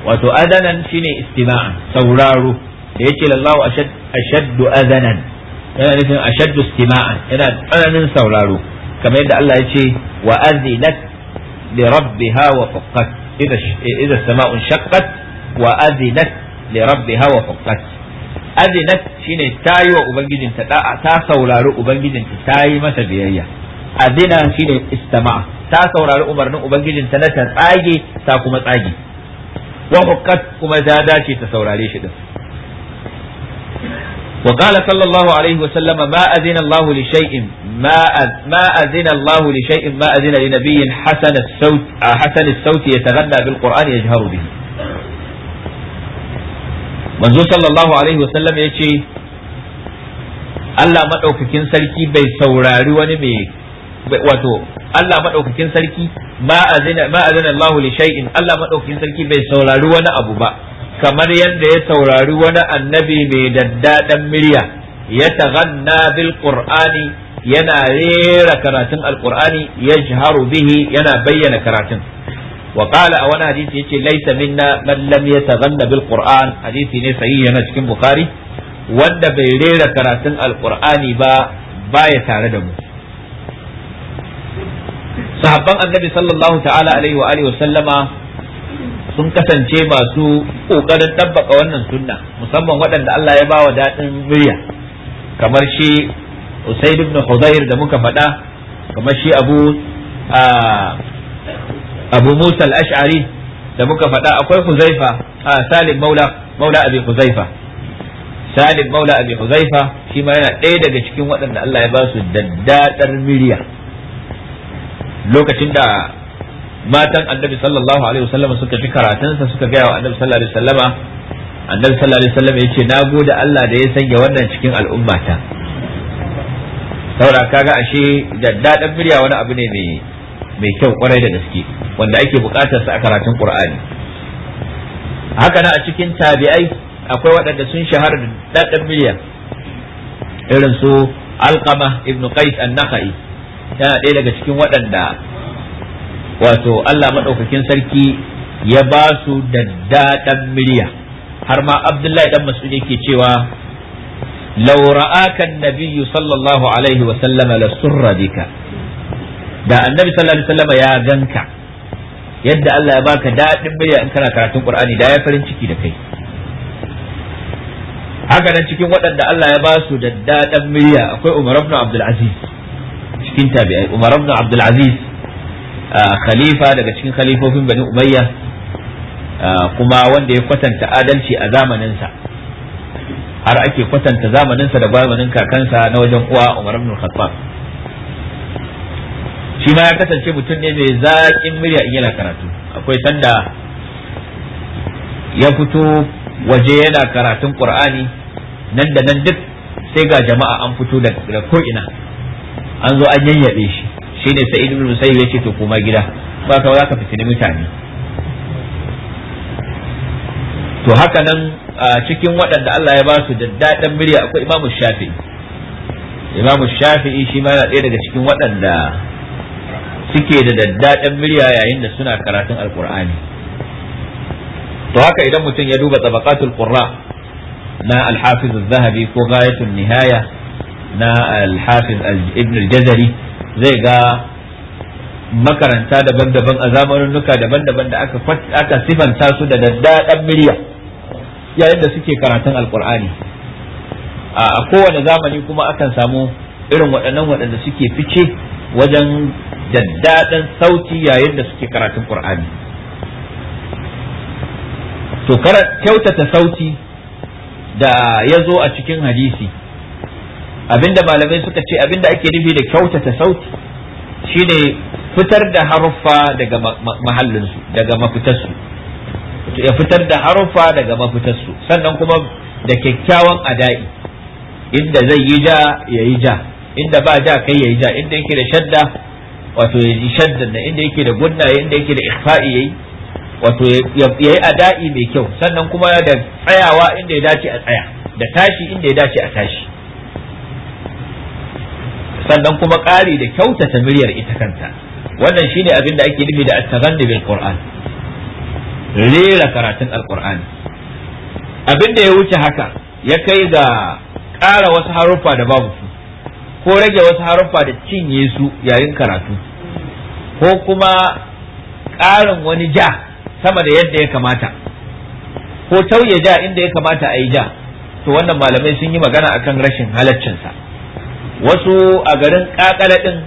wato adanan shine istima'an sauraro da yace lallahu ashaddu adanan yana nufin ashaddu istima'an yana tsananin sauraro kamar yadda Allah ya ce wa azinat li rabbiha wa faqqat idza sama'un shaqqat wa adinat li rabbiha wa huqqat adinat shine tayi wa ubangijinta da'a ta saurari ubangijinta tayi masa biyayya adina shine istama'a ta saurari umarnin ubangijinta na ta tsage ta kuma tsage wa kuma ta dace ta saurare shi din وقال صلى الله عليه وسلم ما أذن الله لشيء ما ما أذن الله لشيء ما أذن لنبي حسن الصوت حسن الصوت يتغنى بالقرآن يجهر به sallallahu alaihi wasallam ya ce Allah maɗaukakin sarki bai saurari wani mai wato Allah maɗaukakin sarki ma azina ma azina li shay'in Allah maɗaukakin sarki bai saurari wani abu ba kamar yadda ya saurari wani annabi mai daddaɗan murya ya taghanna bil qur'ani yana rera karatun alqur'ani yajharu bihi yana bayyana karatun wa qala a wani hadisi yace laysa minna man lam yataghanna bil qur'an hadisi ne sahihi yana cikin bukhari wanda bai rera karatun alqur'ani ba baya tare da mu sahabban annabi sallallahu ta'ala alaihi wa alihi wa sallama sun kasance masu ƙoƙarin tabbaka wannan sunna musamman waɗanda Allah ya ba wa daɗin murya kamar shi Usaid ibn Hudayr da muka faɗa kamar shi Abu Abu Musa al-Ash'ari da muka faɗa akwai Huzaifa Salim Maula Maula Abi Huzaifa Salim Maula Abi Huzaifa shi ma yana ɗaya daga cikin waɗanda Allah ya ba su daddaɗar murya lokacin da matan annabi sallallahu alaihi wasallam suka ji karatunsa suka gaya wa annabi sallallahu alaihi wasallama annabi sallallahu alaihi wasallam ya ce na gode Allah da ya sanya wannan cikin al'ummata saboda kaga ashe daddadan murya wani abu ne mai mai kyau kwarai da gaske wanda ake bukatar sa a karatun Qur'ani haka na a cikin tabi'ai akwai waɗanda sun shahara da daddadan murya irin su Alqama ibnu Qais an-Nakhai yana ɗaya daga cikin waɗanda wato Allah maɗaukakin sarki ya ba su da daɗan miliya har ma Abdullahi dan Mas'ud yake cewa law ra'aka an-nabiyyu sallallahu alaihi wa sallama la surradika da annabi sallallahu alaihi wa ya ganka yadda Allah ya baka daɗin miliya in kana karatun Qur'ani da ya farin ciki da kai haka nan cikin waɗanda Allah ya ba su da daɗan miliya akwai Umar ibn Abdul Aziz cikin tabi'ai Umar ibn Abdul Aziz khalifa daga cikin khalifofin bani umayya kuma wanda ya kwatanta adalci a zamaninsa har ake kwatanta zamaninsa da zamanin kakansa na wajen uwa umar ibn khattab shi ma ya kasance mutum ne mai zaƙin murya in yana karatu akwai sanda ya fito waje yana karatun qur'ani nan da nan duk sai ga jama'a an fito da ko'ina an zo an yayyabe shi shine sa'id ibn ya ce to koma gida ba ka za ka fitini mutane to haka nan cikin waɗanda Allah ya ba su da daɗin murya akwai imamu shafi'i imamu shafi'i shi ma yana ɗaya daga cikin waɗanda suke da daddaɗin murya yayin da suna karatun alkur'ani to haka idan mutum ya duba tabaqatul qurra na al-hafiz az-zahabi ko ghayatul nihaya na al-hafiz ibn al-jazari zai ga makaranta daban-daban a zamaninnuka daban-daban da aka sifanta su da daddaɗan miliyan yayin da suke karatun alkur'ani a kowane zamani kuma akan samu irin waɗannan waɗanda suke fice wajen daddaɗan sauti yayin da suke karatun ƙur'ani to kyautata sauti da ya zo a cikin hadisi abinda malamai suka ce abinda ake nufi da kyautata sauti shine fitar da haruffa daga mahallinsu daga mafitarsu ya fitar da haruffa daga mafitarsu sannan kuma da kyakkyawan ada'i inda zai yi ja ya yi ja inda ba ja kai ya yi ja inda yake da shadda wato ya yi shaddan na inda yake da gunna inda yake da ikhfa'i yayi wato ya yi ada'i mai kyau sannan kuma da tsayawa inda ya dace a tsaya da tashi inda ya dace a tashi sannan kuma ƙari da kyautata miliyar ita kanta wannan shine abin da ake nufi da at bil qur'an rera karatun alqur'ani abin da ya wuce haka ya kai ga ƙara wasu haruffa da babu su ko rage wasu haruffa da cinye su yayin karatu ko kuma ƙarin wani ja sama da yadda ya kamata ko tauye ja inda ya kamata a yi ja to wannan malamai sun yi magana akan rashin halaccinsa wasu a garin kakala din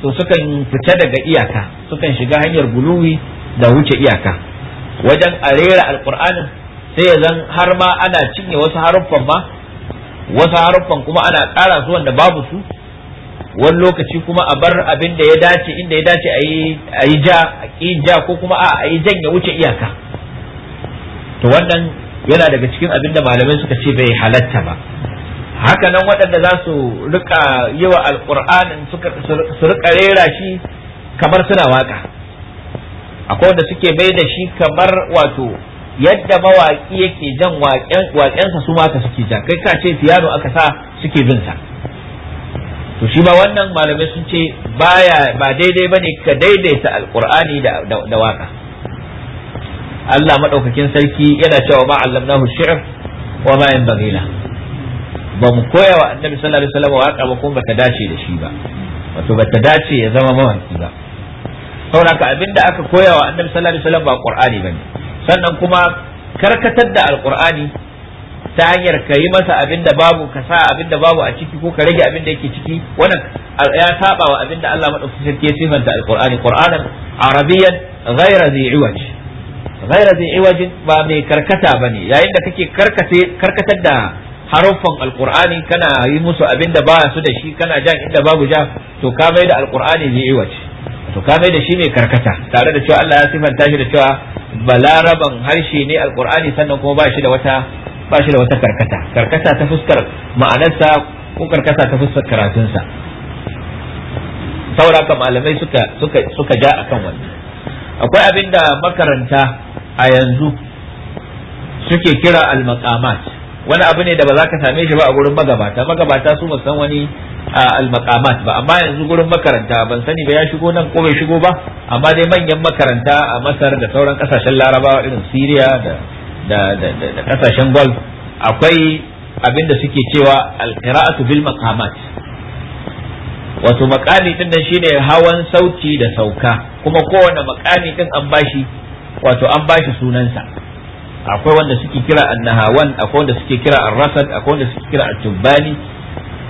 to sukan fita daga iyaka sukan shiga hanyar guluwi da wuce iyaka wajen arera rera sai yanzu har ma ana cinye wasu haruffan ma wasu haruffan kuma ana ƙara su wanda babu su wani lokaci kuma a bar abin da ya dace inda ya dace a yi ja a ja ko kuma a yi jan ya wuce iyaka to wannan yana daga cikin abin da malamai suka ce bai halatta ba haka nan waɗanda za su rika yi wa alƙur'anin su rika rera shi kamar suna waka akwai wanda suke bai da shi kamar wato yadda mawaƙi yake jan waƙensa su mata suke jan kai ka ce fiyano aka sa suke bin sa to shi ba wannan malamai sun ce baya ba daidai bane ka daidaita alƙur'ani da waka Allah maɗaukakin sarki yana cewa ma'allam allamnahu shi'r wa ma yanbaghi ba mu koya wa annabi sallallahu alaihi wasallam waka ba kuma bata dace da shi ba wato bata dace ya zama mawaki ba saboda abinda aka koya wa annabi sallallahu alaihi wasallam ba qur'ani bane sannan kuma karkatar da alqur'ani ta hanyar ka yi masa abinda babu ka sa babu a ciki ko ka rage abinda yake ciki wannan ya saba wa Allah madaukakin sarki ya sifanta alqur'ani qur'anan arabiyyan ghayra zai iwaj ghayra zai iwaj ba mai karkata bane yayin da kake karkatar da haruffan alqur'ani kana yi musu abinda ba su da shi kana jan inda babu ja to ka mai da alqur'ani ne iwace to ka mai da shi ne karkata tare da cewa Allah ya sifanta shi da cewa balaraban harshe ne alqur'ani sannan kuma ba shi da wata ba shi da wata karkata karkata ta fuskar ma'anarsa ko karkata ta fuskar karatunsa sauraka malamai suka suka suka ja akan wannan akwai abinda makaranta a yanzu suke kira al-maqamat wani abu ne da ba za ka same shi ba a gurin magabata magabata su san wani almakamat ba amma yanzu gurin makaranta ban sani ba ya shigo nan ko bai shigo ba amma dai manyan makaranta a masar da sauran kasashen larabawa irin syria da da kasashen gulf akwai abin da suke cewa alqira'atu bil mak'amat. wato makami din nan shine hawan sauti da sauka kuma kowane makami din an bashi wato an bashi sunansa akwai wanda suke kira annahawan akwai wanda suke kira arrasad akwai wanda suke kira atubani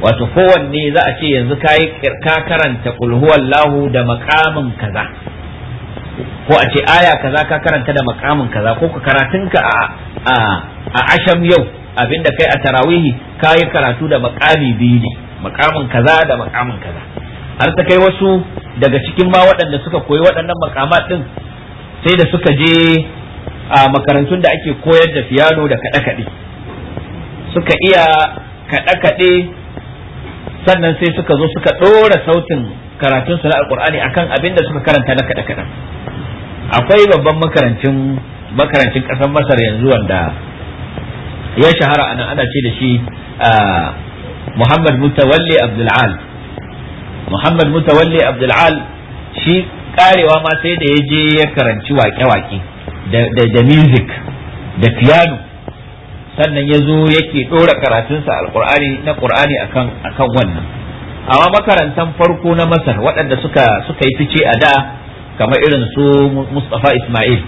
wato kowanne za a ce yanzu kayi ka karanta kulhuwallahu da makamin kaza ko a ce aya kaza ka karanta da makamin kaza ko ka karatunka a a asham yau abinda kai a tarawihi kayi karatu da makami biyu ne makamin kaza da makamin kaza har ta kai wasu daga cikin ma waɗanda suka koyi waɗannan makamat din sai da suka je a makarantun da ake koyar da fiyano da kaɗe-kaɗe suka iya kaɗe-kaɗe sannan sai suka zo suka ɗora sautin karatun su na alƙur'ani kan abin da suka karanta na kaɗe-kaɗe akwai babban makarancin makarancin ƙasar masar yanzu wanda ya shahara a nan. ana ce da shi muhammad mutawalli abdul'al muhammad mutawalli abdul'al shi ƙarewa ma sai da ya je ya karanci waƙe-waƙe da da music da piano sannan ya zo yake ɗora karatunsa alƙur'ani na ƙur'ani akan akan wannan amma makarantan farko na masar waɗanda suka suka yi fice a da kamar irin su mustafa ismail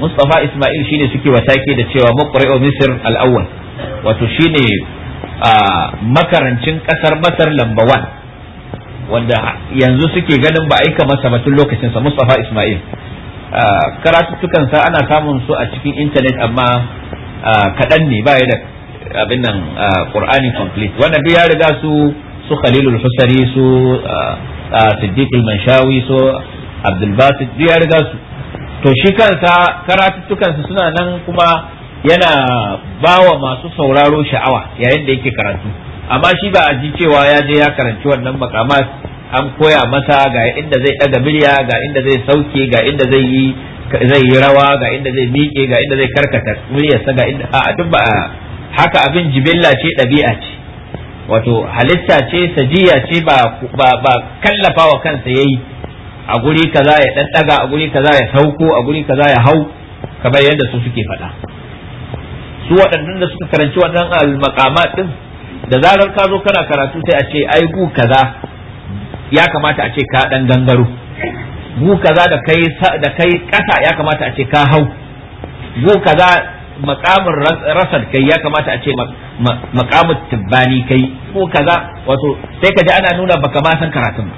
mustafa ismail shine suke wataki da cewa muqri'u misr al-awwal wato shine makarancin ƙasar masar lamba 1 wanda yanzu suke ganin ba aika masa ba tun lokacin sa mustafa ismail Ah, karatuttukansa ana samun su a cikin intanet amma ah, kaɗan ne ba da abin nan ah, qur'ani complete wannan duk ya riga su su khalilul husari su siddiq manshawi su abdul basit duk ya riga su to shi kansa karatuttukansa suna nan kuma yana bawa masu sauraro sha'awa yayin da yake karatu amma shi ba a ji cewa ya je ya karanci wannan makama an koya masa ga inda zai ɗaga miliya ga inda zai sauke ga inda zai yi zai yi rawa ga inda zai miƙe ga inda zai karkata miliyarsa ga inda a duk ba haka abin jibilla ce ɗabi'a ce wato halitta ce sajiya ce ba ba kallafa wa kansa yayi a guri kaza ya daddaga a guri kaza ya sauko a guri kaza ya hau kamar yadda su suke faɗa su waɗannan da suka karanci waɗannan al-maqamat din da zarar ka zo kana karatu sai a ce ai ku kaza ya kamata a ce ka dan gangaro gu kaza da kai da kai kasa ya kamata a ce ka hau gu kaza makamin rasar kai ya kamata a ce makamin tibbani kai ko kaza wato sai ka ji ana nuna baka ma san karatun ba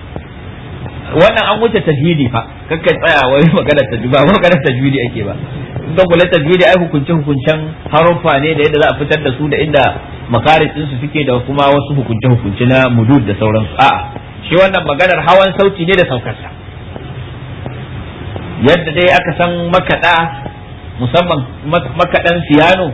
wannan an wuce tajwidi fa kakka tsaya wai magana tajwidi ba magana tajwidi ake ba da ka kula tajwidi ai hukunce hukuncen haruffa ne da yadda za a fitar da su da inda makarin su suke da kuma wasu hukunce hukunce na mudud da sauransu a'a shi wannan maganar hawan sauti ne da saukarsa yadda dai aka san makada musamman makaɗan siyano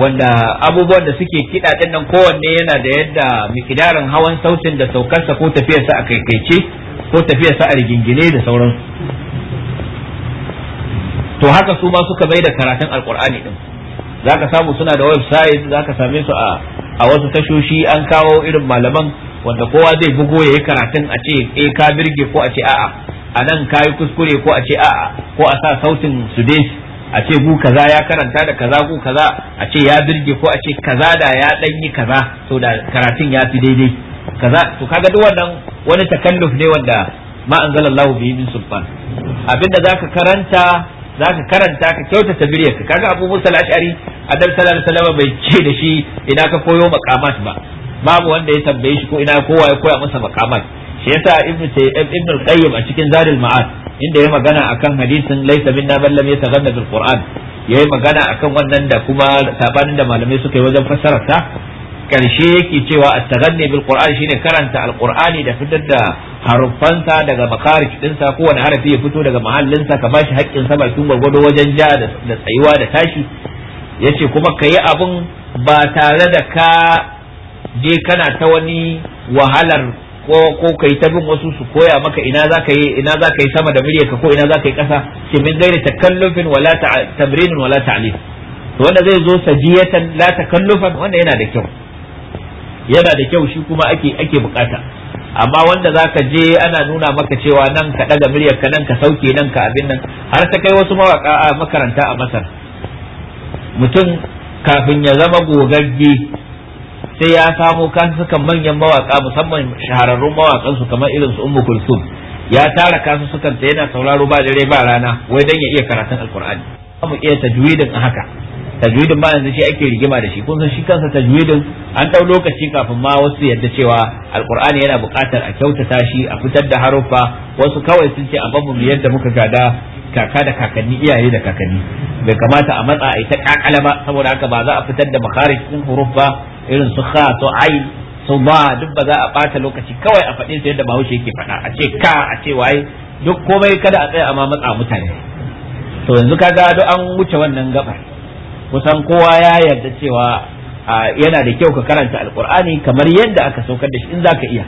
wanda abubuwan da suke kiɗa ɗin nan kowanne yana da yadda mikidarin hawan sautin da saukarsa ko tafiyarsa a kaikaice ko tafiyarsa a rigingine da sauransu to haka su ma suka bai da karatun alkur'ani din za ka samu suna da website za ka same su a wasu tashoshi an kawo irin malaman wanda kowa zai bugo ya yi karatun a ce eh ka birge ko a ce a'a a nan ka yi kuskure ko a ce a'a ko a sa sautin su a ce gu kaza ya karanta da kaza gu kaza a ce ya birge ko a ce kaza da ya dan yi kaza to da karatun ya fi daidai kaza to kaga duk wannan wani takalluf ne wanda ma anzalallahu bihi min sulfan abinda zaka karanta za karanta ka kyautata ka kaga abu musa al-ash'ari sallallahu alaihi wasallam bai ce da shi ina ka koyo makamat ba babu wanda ya tambaye shi ko ina kowa ya koya masa makamat shi yasa ibnu ibnu qayyim a cikin zadil ma'ad inda ya magana akan hadisin laysa minna man lam yataghanna bil qur'an yayi magana akan wannan da kuma sabanin da malamai suka yi wajen fassarar ta karshe yake cewa at-taghanni bil qur'an shine karanta al da fitar da harufansa daga makarij dinsa kowane harafi ya fito daga mahallinsa ka bashi haƙƙin sa bakin gwargwado wajen ja da tsayuwa da tashi yace kuma kayi abun ba tare da ka je kana ta wani wahalar ko kai ta bin wasu su koya maka ina za ka yi ina za ka yi sama da muryarka ko ina za ka yi ƙasa ce min gairi takallufin wala tamrinin wala ta'lim to wanda zai zo sajiyatan la takallufan wanda yana da kyau yana da kyau shi kuma ake ake bukata amma wanda za ka je ana nuna maka cewa nan ka ɗaga muryarka nan ka sauke nan ka abin nan har ta kai wasu mawaka a makaranta a Masar mutum kafin ya zama gogagge sai ya samo kasussukan manyan mawaka musamman shahararrun mawakan su kamar irin su ummu kulsum ya tara kasussukan ta yana sauraro ba dare ba rana wai dan ya iya karatun alqur'ani mu iya tajwidin a haka tajwidin ba yanzu shi ake rigima da shi kun san shi kansa tajwidin an dau lokaci kafin ma wasu yadda cewa alqur'ani yana buƙatar a kyautata shi a fitar da haruffa wasu kawai sun ce a bamu yadda muka gada kaka da kakanni iyaye da kakanni bai kamata a matsa a ita kakala ba saboda haka ba za a fitar da makharij huruf ba irin su kha su ai su ba duk ba za a bata lokaci kawai a faɗe su yadda bahaushe yake faɗa a ce ka a ce wai duk komai kada a tsaya a matsa mutane to yanzu kaga duk an wuce wannan gabar kusan kowa ya yarda cewa yana da kyau ka karanta alkur'ani kamar yadda aka saukar da shi in zaka iya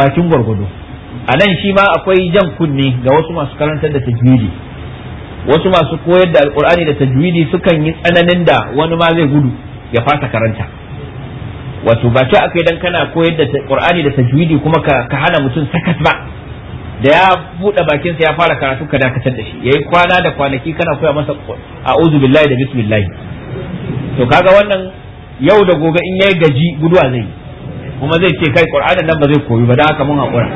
bakin gwargwado a nan shi ma akwai jan kunne ga wasu masu karantar da tajwidi wasu masu koyar da alkur'ani da tajwidi sukan yi tsananin da wani ma zai gudu ya fasa karanta wato ba ta akai dan kana koyar da qur'ani da tajwidi kuma ka hana mutum sakat ba da ya buɗe sa ya fara karatu ka dakatar da shi yayi kwana da kwanaki kana koya masa a'udhu billahi da bismillah to kaga wannan yau da gobe in yayi gaji guduwa zai kuma zai ce kai qur'anin nan ba zai koyi ba dan haka mun hakura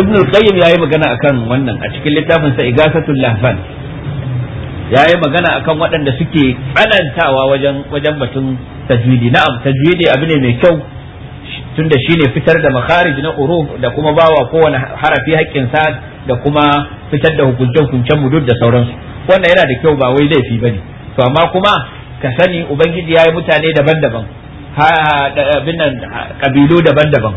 ibn qayyim yayi magana akan wannan a cikin littafin sa igasatul lahfan ya yi magana akan waɗanda suke tsanantawa wajen wajen batun tajwidi na'am tajwidi abu ne mai kyau tunda shine fitar da makharij na uruf da kuma bawa kowane harafi haƙƙin sa da kuma fitar da hukuncen hukuncen mudud da sauransu wannan yana da kyau ba wai laifi bane to amma kuma ka sani ubangiji ya yi mutane daban-daban kabilu daban-daban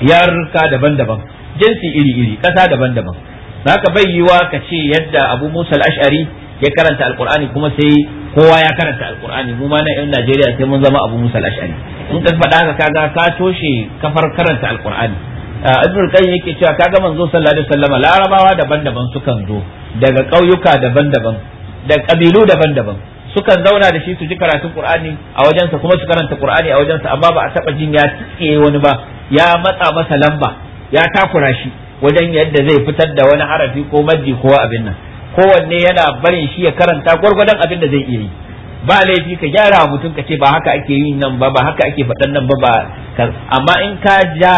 yarka daban-daban jinsi iri-iri ƙasa daban-daban zaka bai yiwa ka ce yadda abu musa al-ash'ari ya karanta alkur'ani kuma sai kowa ya karanta alqur'ani mu ma na yan najeriya sai mun zama abu musa al-ash'ari in ka faɗa ka kaga ka toshe kafar karanta alkur'ani ibn qayyim yake cewa kaga manzo sallallahu alaihi wasallam larabawa daban-daban sukan zo daga ƙauyuka daban-daban da ƙabilu daban-daban sukan zauna da shi su ji karatun qur'ani a wajensa kuma su karanta qur'ani a wajensa amma ba a taba jin ya tsaye wani ba ya matsa masa lamba ya takura shi wajen yadda zai fitar da wani harafi ko maddi ko abin nan kowanne yana barin shi ya karanta gwargwadon abin da zai iya yi ba laifi ka gyara mutum ka ce ba haka ake yin nan ba ba haka ake faɗan nan ba ba amma in ka ja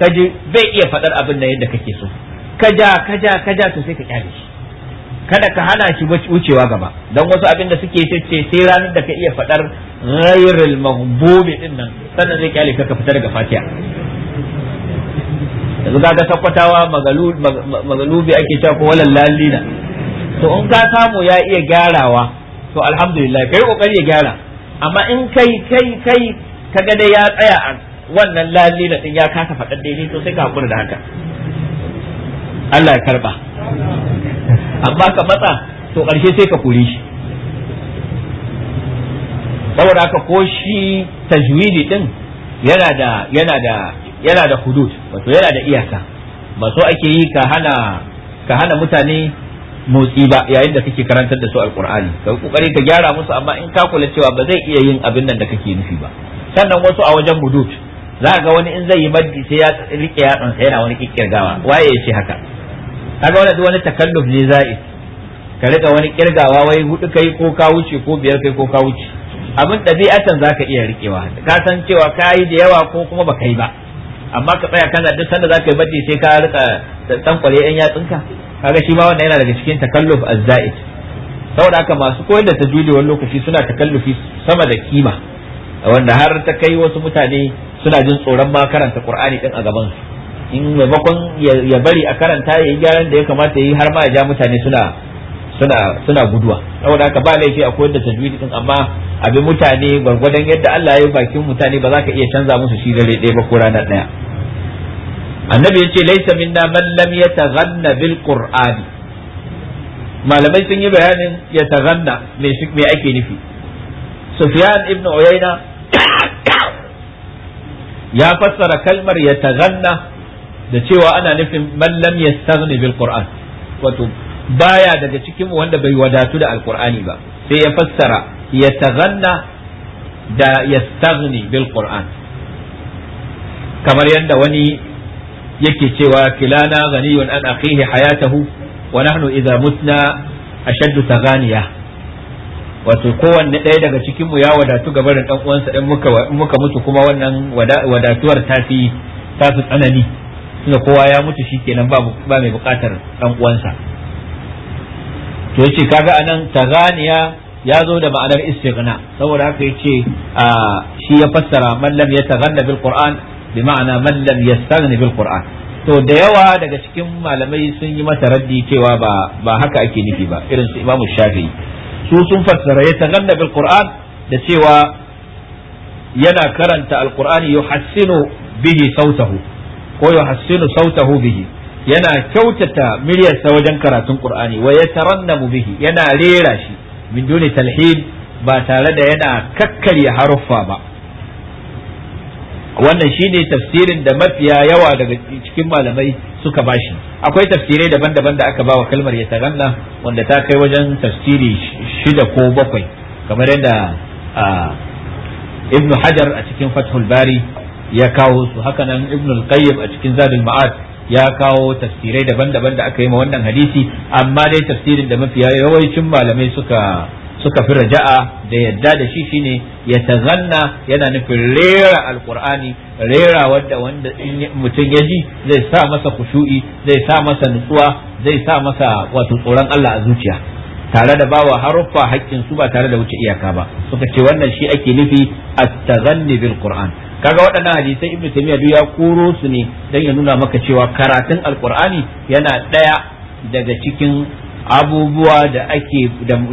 ka ji bai iya faɗar abin nan yadda kake so ka ja ka ja ka ja to sai ka kyale shi kada ka hana shi wucewa gaba don wasu abin da suke ce sai ranar da ka iya faɗar ghairil mahbubi din nan sannan zai kyale ka ka fita daga fatiha yanzu kaga tabbatawa magalubi ake cewa ko walal lalina to in ka samu ya iya gyarawa to alhamdulillah kai kokari ya gyara amma in kai kai kai kaga dai ya tsaya a wannan lalina din ya kasa faɗa daidai to sai ka hakura da haka Allah ya karba amma ka matsa to karshe sai ka kure shi saboda haka ko shi tajwidi din yana da yana da yana da hudud wato yana da iyaka ba so ake yi ka hana ka hana mutane motsi ba yayin da kake karantar da su alqur'ani ka kokari ka gyara musu amma in ka kula cewa ba zai iya yin abin nan da kake nufi ba sannan wasu a wajen hudud za ga wani in zai yi maddi sai ya rike ya sai yana wani kikkirgawa waye ya ce haka kaga wani wani takalluf ne za'i ka rika wani kirgawa wai hudu kai ko ka wuce ko biyar kai ko ka wuce abin ɗabi'atan za ka iya riƙewa ka san cewa ka yi da yawa ko kuma ba yi ba amma ka tsaya kana duk sanda zaka yi bacci sai ka rika tsankware yan yatsinka kaga shi ma wannan yana daga cikin takalluf azza'id saboda haka masu koyar da tajwidi wani lokaci suna takallufi sama da kima wanda har ta kai wasu mutane suna jin tsoron ma karanta qur'ani din a gaban su in maimakon ya bari a karanta yayi gyaran da ya kamata ya yi har ma ya ja mutane suna suna suna guduwa saboda haka ba laifi a koyar da tajwidi din amma abin mutane gwargwadon yadda Allah ya yi bakin mutane ba za ka iya canza musu shi dare ɗaya ba ko rana ɗaya annabi ya ce laisa minna man lam yataghanna bil qur'ani malamai sun yi bayanin yataghanna me me ake nufi sufyan ibn uyayna ya fassara kalmar yataghanna da cewa ana nufin man lam yastaghni bil qur'an wato baya daga cikin wanda bai wadatu da alqur'ani ba sai ya fassara yataghanna da yastaghni bil qur'an kamar yadda wani yake cewa kilana ganiyun an akhihi hayatahu wa nahnu idza mutna ashaddu taganiya wato kowanne ɗaya daga cikin mu ya wadatu ga barin dan uwansa in muka muka mutu kuma wannan wadatuwar ta fi tsanani tunda kowa ya mutu shikenan ba ba mai bukatar dan uwansa to yace kaga anan taganiya ya zo da ma'anar istighna saboda haka yace shi ya fassara man lam yataghanna bil qur'an bi ma'ana man lam yastaghni bil qur'an to da yawa daga cikin malamai sun yi masa raddi cewa ba ba haka ake nufi ba irin su imamu shafi'i su sun fassara ya taganna bil qur'an da cewa yana karanta alqur'ani yuhassinu bihi sautahu ko yuhassinu sautahu bihi yana kyautata miryarsa wajen karatun qur'ani wa yatarannamu bihi yana rera shi min duni talhin ba tare da yana kakkarya haruffa ba wannan shine tafsirin da mafiya yawa daga cikin malamai suka bashi akwai tafsirai daban-daban da aka ba wa kalmar ya taganna wanda ta kai wajen tafsiri shida ko bakwai kamar yadda ibn hajar a cikin fathul bari ya kawo su hakanan ibn a cikin zadul ma'ad ya kawo tafsirai daban-daban da aka yi ma wannan hadisi amma dai tafsirin da mafiya yawancin malamai suka suka fi raja'a da yadda da shi shine ya tazanna yana nufin rera alkur'ani rera wanda wanda mutum ya ji zai sa masa kushu'i zai sa masa nutsuwa zai sa masa wato tsoron Allah a zuciya tare da bawa haruffa haƙƙin su ba tare da wuce iyaka ba suka ce wannan shi ake nufi at-tazanni bil qur'an kaga waɗannan hadisai ibnu taymiya duk ya koro su ne dan ya nuna maka cewa karatun alkur'ani yana ɗaya daga cikin abubuwa da ake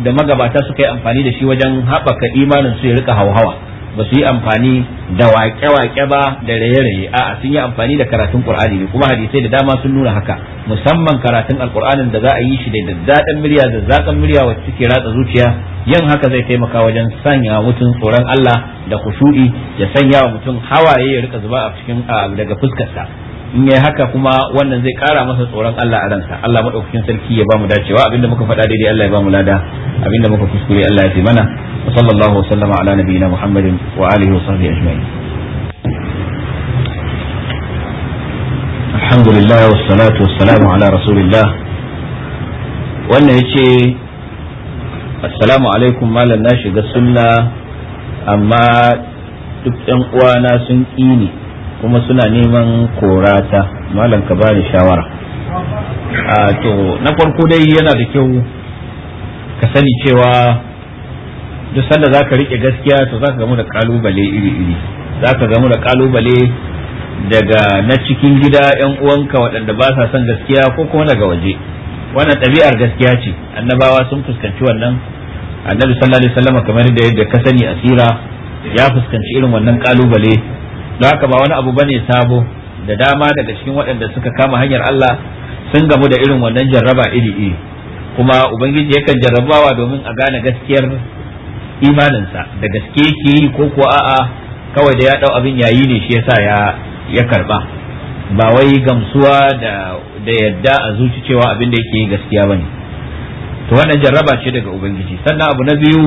da magabata suka yi amfani da shi wajen haɓaka imanin su ya rika hauhawa ba su yi amfani da waƙe-waƙe ba da raye-raye a'a sun yi amfani da karatun qur'ani ne kuma hadisai da dama sun nuna haka musamman karatun alqur'anin da za a yi shi da daddaɗan murya da zaƙan murya wacce suke ratsa zuciya yin haka zai taimaka wajen sanya mutum tsoron Allah da kushu'i ya sanya wa mutum hawaye ya rika zuba a cikin daga fuskarsa in yayi haka kuma wannan zai kara masa tsoron Allah a ransa Allah madaukakin sarki ya bamu dacewa abinda muka faɗa daidai Allah ya bamu lada abinda muka kuskure Allah ya fi mana wa sallallahu wa sallama ala nabiyina Muhammadin wa alihi wa sahbihi ajma'in alhamdulillah wassalatu wassalamu ala rasulillah wannan yace assalamu alaikum malam na shiga sunna amma duk ɗan uwana sun ƙi kuma suna neman korata malam ka bani shawara a to na farko dai yana da kyau ka sani cewa duk sanda za ka riƙe gaskiya to za ka gamu da kalubale iri-iri za ka gamu da kalubale daga na cikin gida 'yan uwanka waɗanda ba sa son gaskiya ko kuma daga waje wannan ɗabi'ar gaskiya ce annabawa sun fuskanci wannan annabi sallallahu alaihi wasallam kamar da yadda ka sani asira ya fuskanci irin wannan kalubale don haka ba wani abu bane sabo da dama daga cikin waɗanda suka kama hanyar Allah sun gamu da irin wannan jarraba iri iri kuma ubangiji yakan jarrabawa domin a gane gaskiyar imaninsa da gaske yake yi ko ko a'a kawai da ya dau abin yayi ne shi yasa ya ya karba ba wai gamsuwa da da yadda a zuci cewa abin da yake gaskiya bane to wannan jarraba ce daga ubangiji sannan abu na biyu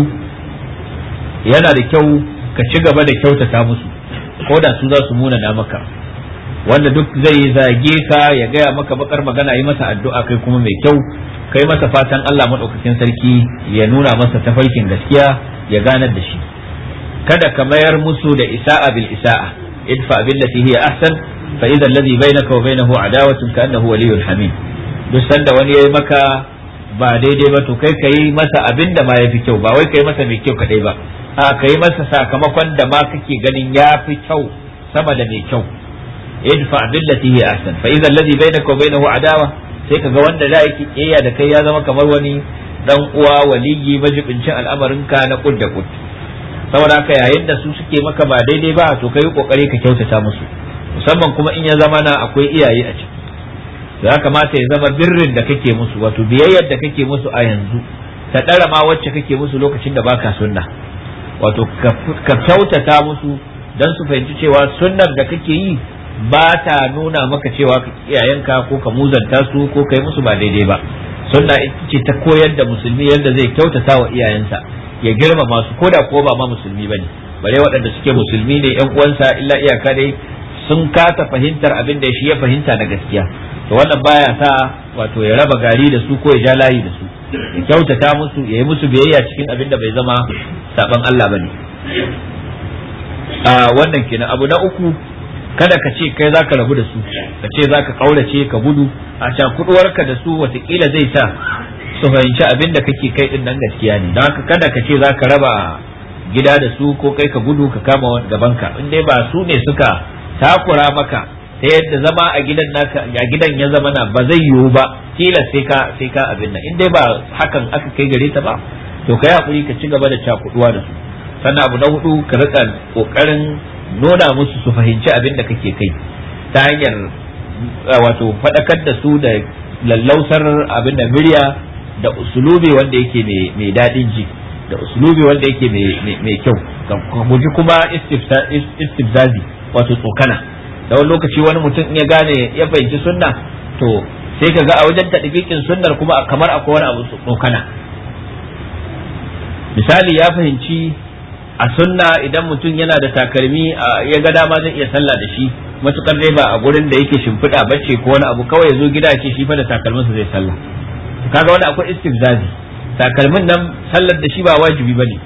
yana da kyau ka ci gaba da kyautata musu ko da su za su munana maka wanda duk zai zage ka ya gaya maka bakar magana yi masa addu'a kai kuma mai kyau kai masa fatan Allah madaukakin sarki ya nuna masa tafarkin gaskiya ya ganar da shi kada ka mayar musu da isa'a bil isa'a idfa lati hiya ahsan fa idan ladhi bainaka wa bainahu adawatun ka annahu waliyyun hamim duk sanda wani yayi maka ba daidai ba to kai kai masa abinda ma yafi kyau ba wai kai masa mai kyau kadai ba a kai masa sakamakon da ma kake ganin ya fi kyau sama da mai kyau idfa billati hi ahsan fa idza alladhi bainaka wa bainahu adawa sai kaga wanda da yake kiyaya da kai ya zama kamar wani dan uwa waliyi majibincin al'amarinka na kud da kud saboda haka yayin da su suke maka ba daidai ba to kai kokari ka kyautata musu musamman kuma in ya zama na akwai iyaye a ciki ya kamata ya zama birrin da kake musu wato biyayyar da kake musu a yanzu ta ɗara ma wacce kake musu lokacin da baka sunna wato ka kyautata musu don su fahimci cewa sunnar da kake yi ba ta nuna maka cewa ka iyayenka ko ka muzanta su ko ka yi musu ba daidai ba sunna ita ce ta koyar da musulmi yadda zai kyautata wa iyayensa ya girma masu ko da ko ba ma musulmi bane bare waɗanda suke musulmi ne yan uwansa illa iyaka dai sun kata fahimtar abin da shi ya fahimta da gaskiya to wannan baya sa wato ya raba gari da su ko ya ja layi da su ya kyautata musu ya yi musu biyayya cikin abin da bai zama saban Allah bane a ah, wannan kenan abu na uku kada ka ce kai zaka rabu da su ka ce zaka kaurace ka gudu a cakuduwarka da su watakila zai sa su fahimci abin da kake kai din nan gaskiya ne don kada ka ce zaka raba gida da su ko kai ka gudu ka kama gabanka in dai ba su ne suka takura maka ta yadda zama a gidan naka a gidan ya zama na ba zai yiwu ba tilas sai ka sai ka abin nan in dai ba hakan aka kai gare ta ba to kai hakuri ka ci gaba da cakuduwa da su sannan abu na hudu ka rika kokarin nuna musu su fahimci abin da kake kai ta hanyar wato faɗakar da su da lallausar abin da murya da usulubi wanda yake mai daɗin ji da usulubi wanda yake mai kyau ka guji kuma istifzazi wato tsokana da wani lokaci wani mutum ya gane ya fahimci sunna to sai ka ga a wajen taɗibikin sunnar kuma kamar akwai wani abu tsokana misali ya fahimci a sunna idan mutum yana da takalmi a ya ga dama zai iya sallah da shi matukar dai ba a gurin da yake shimfiɗa ce ko wani abu kawai ya zo gida ce shi fa da takalminsa zai sallah kaga wani akwai istibzazi takalmin nan sallar da shi ba wajibi bane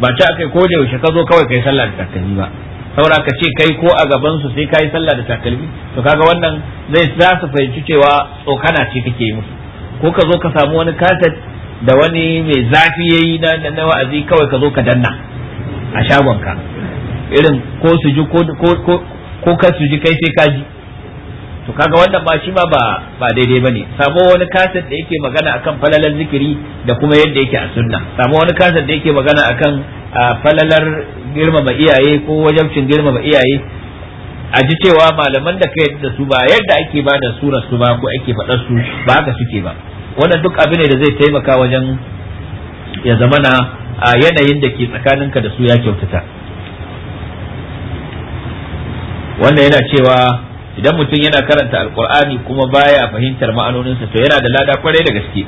ba ta akai ko da yaushe ka zo kawai kai sallah da takalmi ba saura ka ce kai ko a gaban su sai kai sallah da takalmi to kaga wannan zai za su fahimci cewa tsokana ce kake yi musu ko ka zo ka samu wani kaset da wani mai zafi ya yi na wa'azi kawai ka zo ka danna a shagonka irin ko su ji ko ka su ji kai sai ka ji to kaga wannan ba shi ma ba daidai ba ne. samu wani kaset da yake magana akan falalar zikiri da kuma yadda yake a sunna samu wani kaset da yake magana akan falalar girmama iyaye ko wajabcin girmama iyaye a ji cewa malaman da ka yadda su ba yadda ake ba da surar su ba ko ake faɗar su ba haka suke ba wannan duk abin ne da zai taimaka wajen ya zamana a yanayin da ke tsakaninka da su ya kyautata wannan yana cewa idan mutum yana karanta alkur'ani kuma baya fahimtar ma'anoninsa to yana da lada kwarai da gaske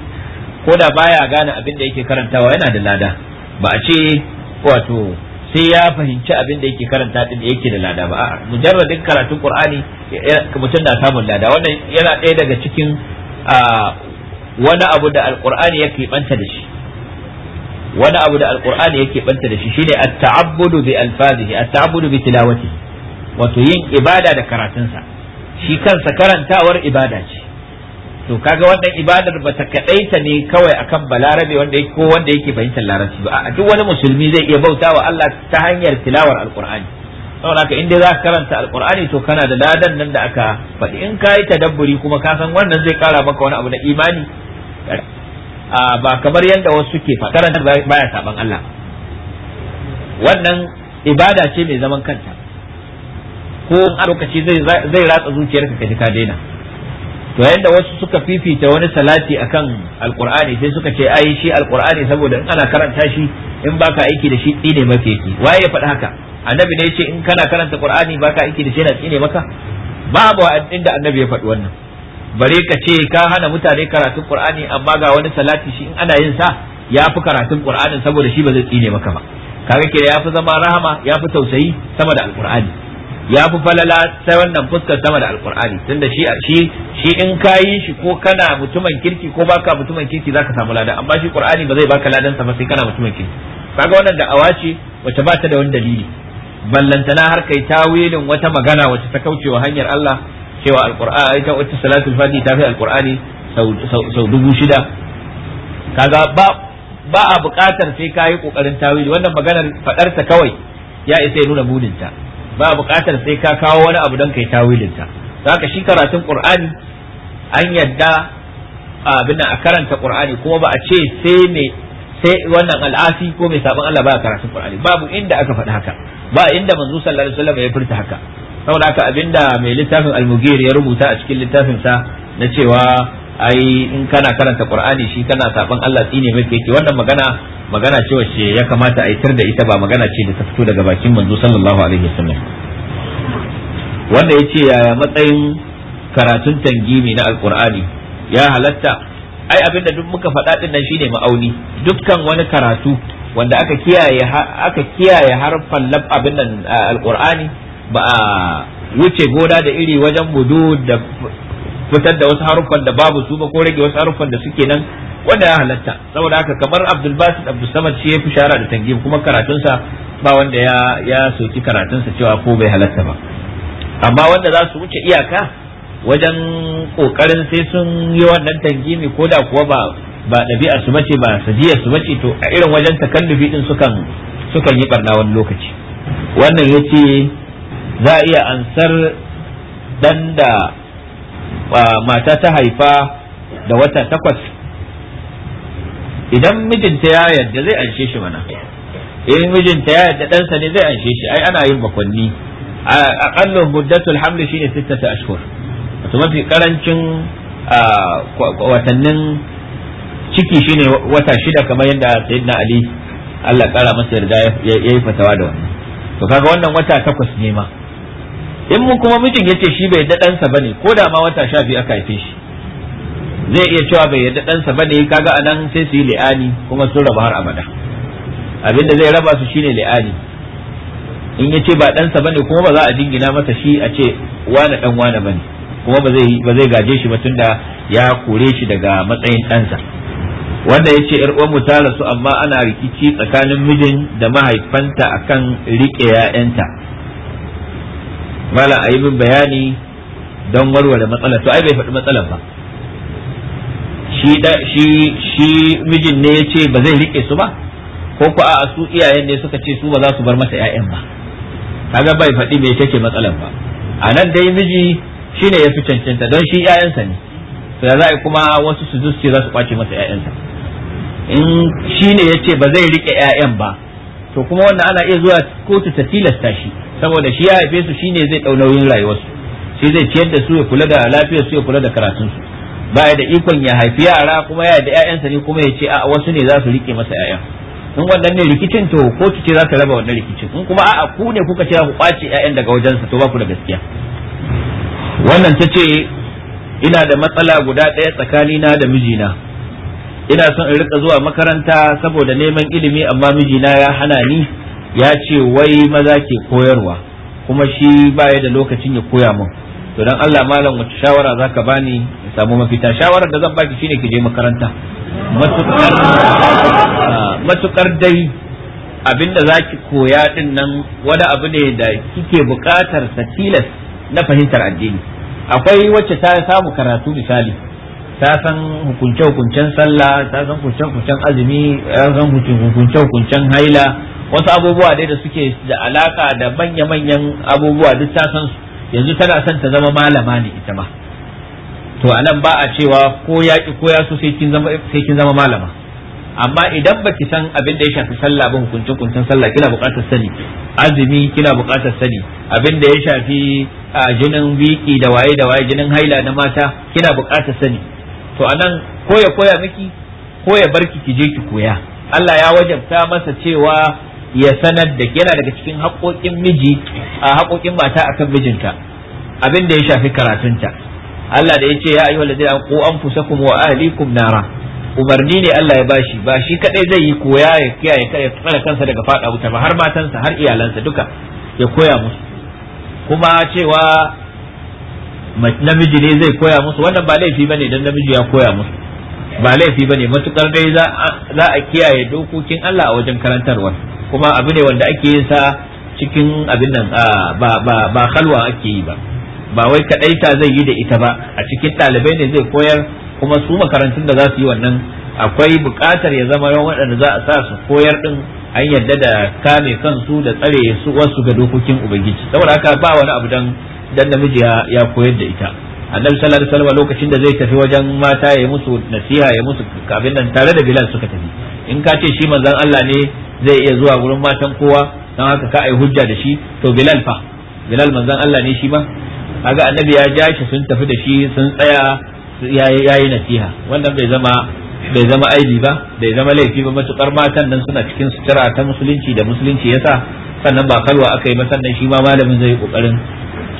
ko da baya gane abin da yake karantawa yana da lada ba a ce wato sai ya fahimci abin da yake karanta din da yake da lada ba a'a mujarradin karatun qur'ani mutum na samun lada wannan yana ɗaya daga cikin wani abu da alqur'ani ya banta da shi wani abu da alqur'ani ya keɓanta da shi shine at-ta'abbudu bi alfazihi at-ta'abbudu bi tilawati. wato yin ibada da karatunsa shi kansa karantawar ibada ce to kaga wannan ibadar ba ta kadaita ne kawai akan balarabe wanda yake ko wanda yake fahimtar larabci ba a duk wani musulmi zai iya bautawa Allah ta hanyar tilawar alqur'ani saboda haka in dai za ka karanta alqur'ani to kana da ladan nan da aka faɗi in ka yi tadabburi kuma ka san wannan zai kara maka wani abu na imani Ah, ba kamar yadda wasu suke karanta baya saban Allah wannan ibada ce mai zaman kanta ko a lokaci zai ratsa zuciyar ka ji ka daina to yadda wasu suka fifita wani salati akan alqur'ani sai suka ce ai shi alqur'ani saboda in ana karanta shi in baka aiki da shi tsine yake. waye ya faɗi haka annabi ne yace in kana karanta qur'ani baka aiki da shi na tsine maka babu inda annabi ya faɗi wannan bare ka ce ka hana mutane karatun qur'ani amma ga wani salati shi in ana yin sa ya fi karatun qur'anin saboda shi ba zai tsine maka ba kaga ke ya fi zama rahama ya fi tausayi sama da alqur'ani ya fi falala sai wannan fuskar sama da alqur'ani tunda shi shi shi in ka yi shi ko kana mutumin kirki ko baka mutumin kirki zaka samu ladan amma shi qur'ani ba zai baka ladan sa ba sai kana mutumin kirki kaga wannan da ce wacce ba ta da wani dalili ballantana har kai tawilin wata magana wacce ta kaucewa hanyar Allah cewa alqur'ani ita wata salatul fati ta fi alqur'ani sau dubu shida kaga ba ba a buƙatar sai ka yi ƙoƙarin tawili wannan maganar faɗarta kawai ya isa ya nuna budinta ba a buƙatar sai ka kawo wani abu don kai tawilinta Za ka shi karatun ƙur'ani an yadda abin a karanta ƙur'ani kuma ba a ce sai mai sai wannan al'asi ko mai sabon Allah a karatun ƙur'ani babu inda aka faɗi haka ba inda manzo sallallahu alaihi wasallam ya furta haka saboda haka abinda mai littafin almugir ya rubuta a cikin littafin sa na cewa ai in kana karanta qur'ani shi kana saban Allah tsine mai yake wannan magana magana ce wacce ya kamata a tar da ita ba magana ce da ta fito daga bakin manzo sallallahu alaihi wasallam wanda yace yaya matsayin karatun tangimi na alqur'ani ya halatta ai abinda duk muka faɗa din nan shine ma'auni dukkan wani karatu wanda aka kiyaye aka kiyaye harfan lab abin nan alqur'ani ba a wuce gona da iri wajen budu da fitar da wasu haruffan da babu su ba ko rage wasu haruffan da suke nan wanda ya halatta saboda haka kamar Abdul Basit Abdul Samad shi ya fi shara da tangi kuma karatunsa ba wanda ya ya soki karatunsa cewa ko bai halatta ba amma wanda za su wuce iyaka wajen kokarin sai sun yi wannan tangimi ko da kuwa ba ba ɗabi'a su bace ba sajiyar su bace to a irin wajen takallufi din sukan sukan yi barna wani lokaci wannan yace za a iya ansar dan da mata ta haifa da wata takwas idan mijinta ya yarda zai anshe shi mana in mijinta ya yarda ɗansa ne zai anshe shi ai ana yin bakwanni aqallu muddatul hamli shine sittata ashhur wato mafi karancin watannin ciki shine wata shida kamar yadda sayyidina ali Allah kara masa yarda yayi fatawa da wannan to kaga wannan wata takwas ne ma in mun kuma mijin yace shi bai yadda ɗansa bane ko da ma wata sha biyu aka haife shi zai iya cewa bai yadda ɗansa bane kaga anan sai su yi li'ani kuma sun raba har abada abinda zai raba su shine li'ani in yace ba ɗansa bane kuma ba za a jingina masa shi a ce wane ɗan wane bane kuma ba zai gaje shi ba tunda ya kore shi daga matsayin ɗansa wanda ya ce mu ta rasu amma ana rikici tsakanin mijin da mahaifanta akan riƙe 'ya'yanta mala a yi min bayani don warware matsala to ai bai faɗi matsalar ba shi mijin ne ya ce ba zai riƙe su ba ko ku a su iyayen ne suka ce su ba za su bar masa 'ya'yan ba kaga bai faɗi me take matsalar ba a nan dai miji shi ne ya fi cancanta don shi 'ya'yansa ne to ya za kuma wasu su zuci za su kwace masa 'ya'yansa in shi ne ya ce ba zai riƙe 'ya'yan ba to kuma wannan ana iya zuwa kotu ta tilasta shi saboda shi ya haife su shine zai dau nauyin rayuwarsu shi zai ciyar da su ya kula da lafiyar su ya kula da karatun su ba da ikon ya haifi yara kuma ya da ƴaƴansa ne kuma ya ce a wasu ne za su rike masa ƴaƴan in wannan ne rikicin to kotu ce za ta raba wannan rikicin in kuma a'a ku ne kuka ce ku kwace ƴaƴan daga wajensa to ba ku da gaskiya wannan ta ce ina da matsala guda ɗaya tsakanina da mijina ina son in rika zuwa makaranta saboda neman ilimi amma mijina ya hana ni ya ce wai maza ke koyarwa kuma shi baya da lokacin ya koya min to dan Allah malam wace shawara zaka bani in samu mafita shawarar da zan baki shine ki je makaranta matukar ah, matukar dai abinda zaki koya din nan wani abu ne da kike buƙatar sa tilas na fahimtar addini akwai wacce ta samu karatu misali ta san hukunce hukuncen sallah ta san hukunce hukuncen azumi ta san hukunce hukuncen haila wasu abubuwa dai da suke da alaka da manya-manyan abubuwa duk ta san yanzu tana son ta zama malama ne ita ma to a nan ba a cewa ko ya ki ko ya so sai kin zama malama amma idan ba ki san abin da ya shafi sallah ba hukuncin kuncin sallah kina buƙatar sani azumi kina buƙatar sani abin da ya shafi jinin biki da waye da waye jinin haila na mata kina buƙatar sani to anan ko ya koya miki ko ya barki ki je ki koya Allah ya wajabta masa cewa ya sanar da yana daga cikin haƙoƙin miji a haƙoƙin mata akan mijinta abin da ya shafi karatunta Allah da ya ce ya ayyuhal ladina qu anfusakum wa ahlikum nara umarni ne Allah ya bashi ba shi kadai zai yi koya ya kiyaye kai tsare kansa daga fada wuta ba har matansa har iyalansa duka ya koya musu kuma cewa namiji ne zai koya musu wannan ba laifi bane dan namiji ya koya musu ba laifi bane matukar dai za a kiyaye dokokin Allah a wajen karantarwa kuma abu ne wanda ake yin sa cikin abin nan ba ba ba halwa ake yi ba ba wai kadaita zai yi da ita ba a cikin ɗalibai ne zai koyar kuma su makarantun da za su yi wannan akwai buƙatar ya zama yawan waɗanda za a sa su koyar ɗin an yadda da kame kansu da tsare su wasu ga dokokin ubangiji saboda haka ba wani abu dan dan namiji ya koyar da ita annabi sallallahu alaihi wasallam lokacin da zai tafi wajen mata ya musu nasiha ya musu abin nan tare da bilal suka tafi in ka ce shi manzon Allah ne zai iya zuwa gurin matan kowa don haka ka ai hujja da shi to bilal fa bilal manzan Allah ne shi ma kaga annabi ya ja shi sun tafi da shi sun tsaya yayi nasiha wannan bai zama bai zama aibi ba bai zama laifi ba matukar matan nan suna cikin sutura ta musulunci da musulunci yasa sannan ba kalwa aka yi ba sannan shi ma malamin zai kokarin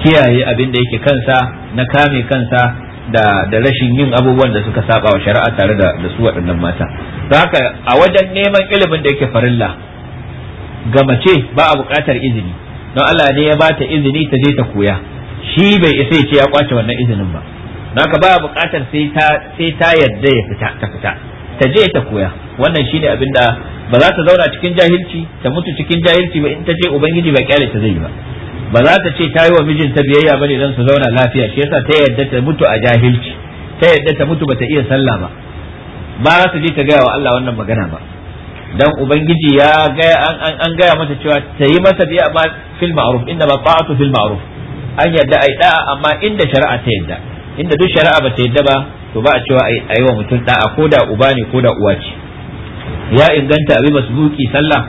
kiyaye abin da yake kansa na kame kansa da da rashin yin abubuwan da suka saba wa shari'a tare da da su waɗannan mata don haka a wajen neman ilimin da yake farilla ga mace ba a buƙatar izini don Allah ne ya bata izini ta je ta koya shi bai isa ya ce ya kwace wannan izinin ba don haka ba a buƙatar sai ta sai ta yadda ya fita ta fita ta je ta koya wannan shine abin da ba za ta zauna cikin jahilci ta mutu cikin jahilci ba in ta je ubangiji ba kyale ta zai ba ba za ta ce ta yi wa mijinta biyayya bane don su zauna lafiya shi yasa ta yadda ta mutu a jahilci ta yadda ta mutu bata iya sallah ba ba za je ta gaya wa Allah wannan magana ba dan ubangiji ya gaya an gaya mata cewa ta yi masa biya ba fil ma'ruf inda ba ta'atu fil ma'ruf an yadda ai da'a amma inda shari'a ta yadda inda duk shari'a ba ta yadda ba to ba a cewa ai wa mutum da'a ko da uba ne ko da uwa ce ya inganta abin masbuki sallah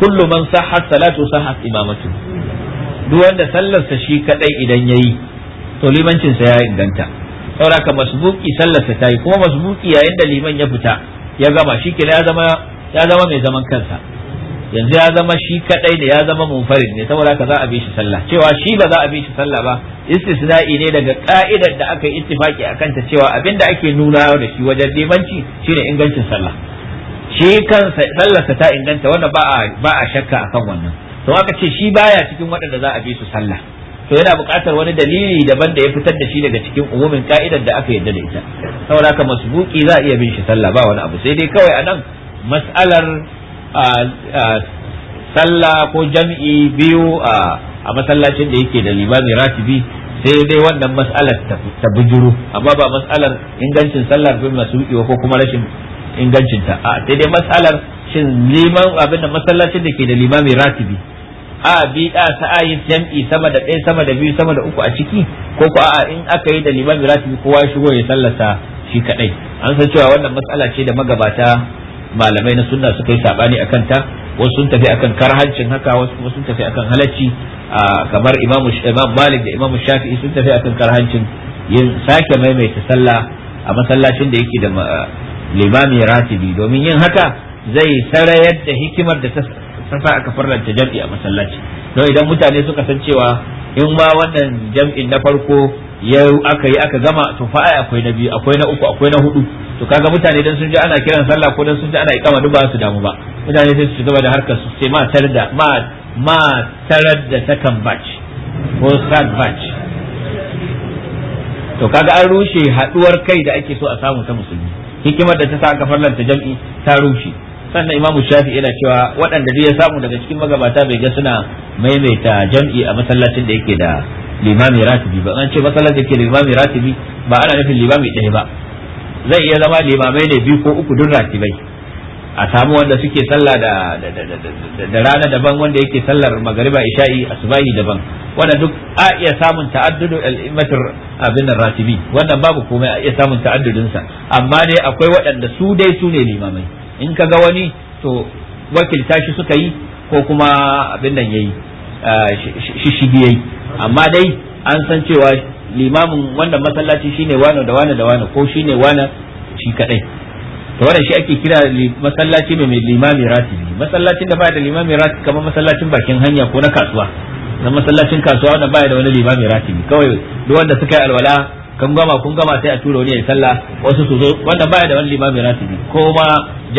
kullu man sahhat salatu sahhat imamatu duk wanda sallarsa shi kadai idan yayi to limancinsa ya inganta ka masbuki sallarsa tayi kuma masbuki yayin da liman ya fita ya gama shi ya zama ya zama mai zaman kansa yanzu ya zama shi kadai ne ya zama munfarid ne saboda ka za a bi shi sallah cewa shi ba za a bi shi sallah ba istisna'i ne daga ka'idar da aka yi ittifaki akan ta cewa abinda ake nuna da shi wajen limanci shine ingancin sallah shi kansa sallarsa ta inganta wanda ba ba a shakka akan wannan to aka ce shi baya cikin waɗanda za a bi su sallah to yana buƙatar wani dalili daban da ya fitar da shi daga cikin umumin ka'idar da aka yarda da ita saboda haka masbuki za a iya bin shi sallah ba wani abu sai dai kawai anan mas'alar sallah ko jami'i biyu a masallacin da yake da limami ratibi sai dai wannan mas'alar ta bujuru amma ba mas'alar ingancin sallar bin masbuki ko kuma rashin ingancinta a sai dai mas'alar shin liman abin da masallacin da ke da limami ratibi a bi da sa yin jam'i sama da ɗaya sama da biyu sama da uku a ciki ko ko a in aka yi da limami ratibi kowa ya shigo ya sallata shi kaɗai an san cewa wannan matsala ce da magabata malamai na sunna suka yi saɓani akan ta wasu sun tafi akan karhancin haka wasu kuma sun tafi akan halacci kamar imamu imam malik da imamu shafi'i sun tafi akan karhancin yin sake maimaita sallah a masallacin da yake da limami ratibi domin yin haka zai sarayar da hikimar da ta ta sa aka farlanta jam'i a masallaci don idan mutane suka san cewa in ma wannan jam'in na farko ya aka yi aka gama to fa ai akwai na biyu akwai na uku akwai na hudu to kaga mutane dan sun ji ana kiran sallah ko dan sun ji ana ikama duba su damu ba mutane sai su gaba da harkar su sai ma tar da ma ma tarar da second batch ko third batch to kaga an rushe haduwar kai da ake so a samu ta musulmi hikimar da ta sa aka farlanta jam'i ta rushe sannan imamu shafi yana cewa waɗanda zai ya samu daga cikin magabata bai ga suna maimaita jam'i a masallacin da yake da limami ratibi ba an ce masallacin da yake da limami ratibi ba ana nufin limami ɗaya ba zai iya zama limamai ne biyu ko uku don ratibai a samu wanda suke sallah da da rana daban wanda yake sallar magariba isha'i asubahi daban wanda duk a iya samun ta'addudu al abin abin ratibi wannan babu komai a iya samun ta'addudin sa amma ne akwai waɗanda su dai su ne limamai in ka ga wani to wakilta shi suka yi ko kuma abin nan yayi eh, shishigi yayi amma dai an san cewa limamin wannan masallaci shine wani da wani da wani ko shine wani shi kadai to wannan shi ake kira masallaci mai limami ratibi masallacin da baya da limami ratibi kamar masallacin bakin hanya ko na kasuwa na masallacin kasuwa wanda baya da wani limami ratibi kawai duk wanda suka yi alwala kan gama kun gama sai a tura wani ya sallah wasu su zo wanda baya da wani limami ratibi ko ma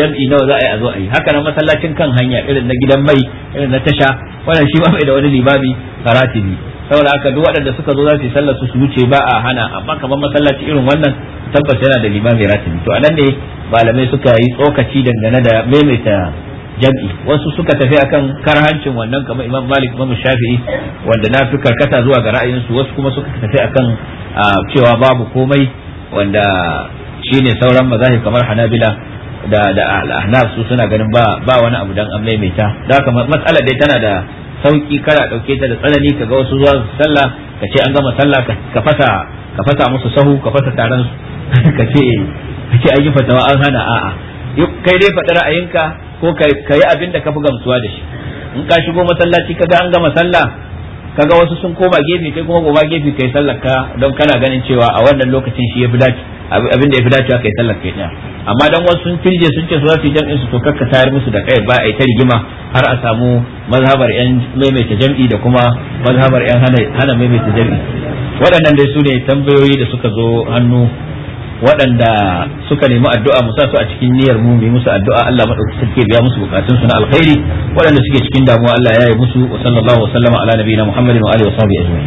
jam'i nawa za a yi a zo a yi haka nan masallacin kan hanya irin na gidan mai irin na tasha wannan shi ba mai da wani limami ratibi saboda haka duk waɗanda suka zo za su yi sallah su wuce ba a hana amma kamar masallaci irin wannan tabbas yana da limami ratibi to anan ne malamai suka yi tsokaci dangane da maimaita jam'i wasu suka tafi akan karhancin wannan kamar imam malik imam shafi'i wanda na fi karkata zuwa ga ra'ayinsu wasu kuma suka tafi akan cewa babu komai wanda shi ne sauran mazahir kamar hanabila da da su suna ganin ba ba wani abu dan amai mai ta da kamar matsala dai tana da sauki kana dauke ta da tsanani kaga wasu zuwa salla. ka ce an gama sallah ka fasa ka musu sahu ka fasa taron ka ka ce an yi fatawa an hana a'a kai dai fadar ra'ayinka ko ka yi abin da ka fi gamsuwa da shi in ka shigo masallaci ka ga an gama sallah kaga wasu sun koma gefe kai kuma goma gefe kai sallar ka don kana ganin cewa a wannan lokacin shi yafi dace abin da yafi dacewa kai sallar kai ɗaya amma dan wasu sun firje sun ce su za su jam'in su to kakka tayar musu da kai ba a ta rigima har a samu mazhabar yan maimaita jam'i da kuma mazhabar yan hana hana maimaita jam'i waɗannan dai su ne tambayoyi da suka zo hannu waɗanda suka nemi addu'a mu su a cikin niyyar mu mu musu addu'a Allah madaukakin sarki biya musu bukatun su na alkhairi waɗanda suke cikin damuwa Allah ya yi musu wa sallallahu wa sallama ala nabiyina Muhammadin wa alihi wa sahbihi ajma'in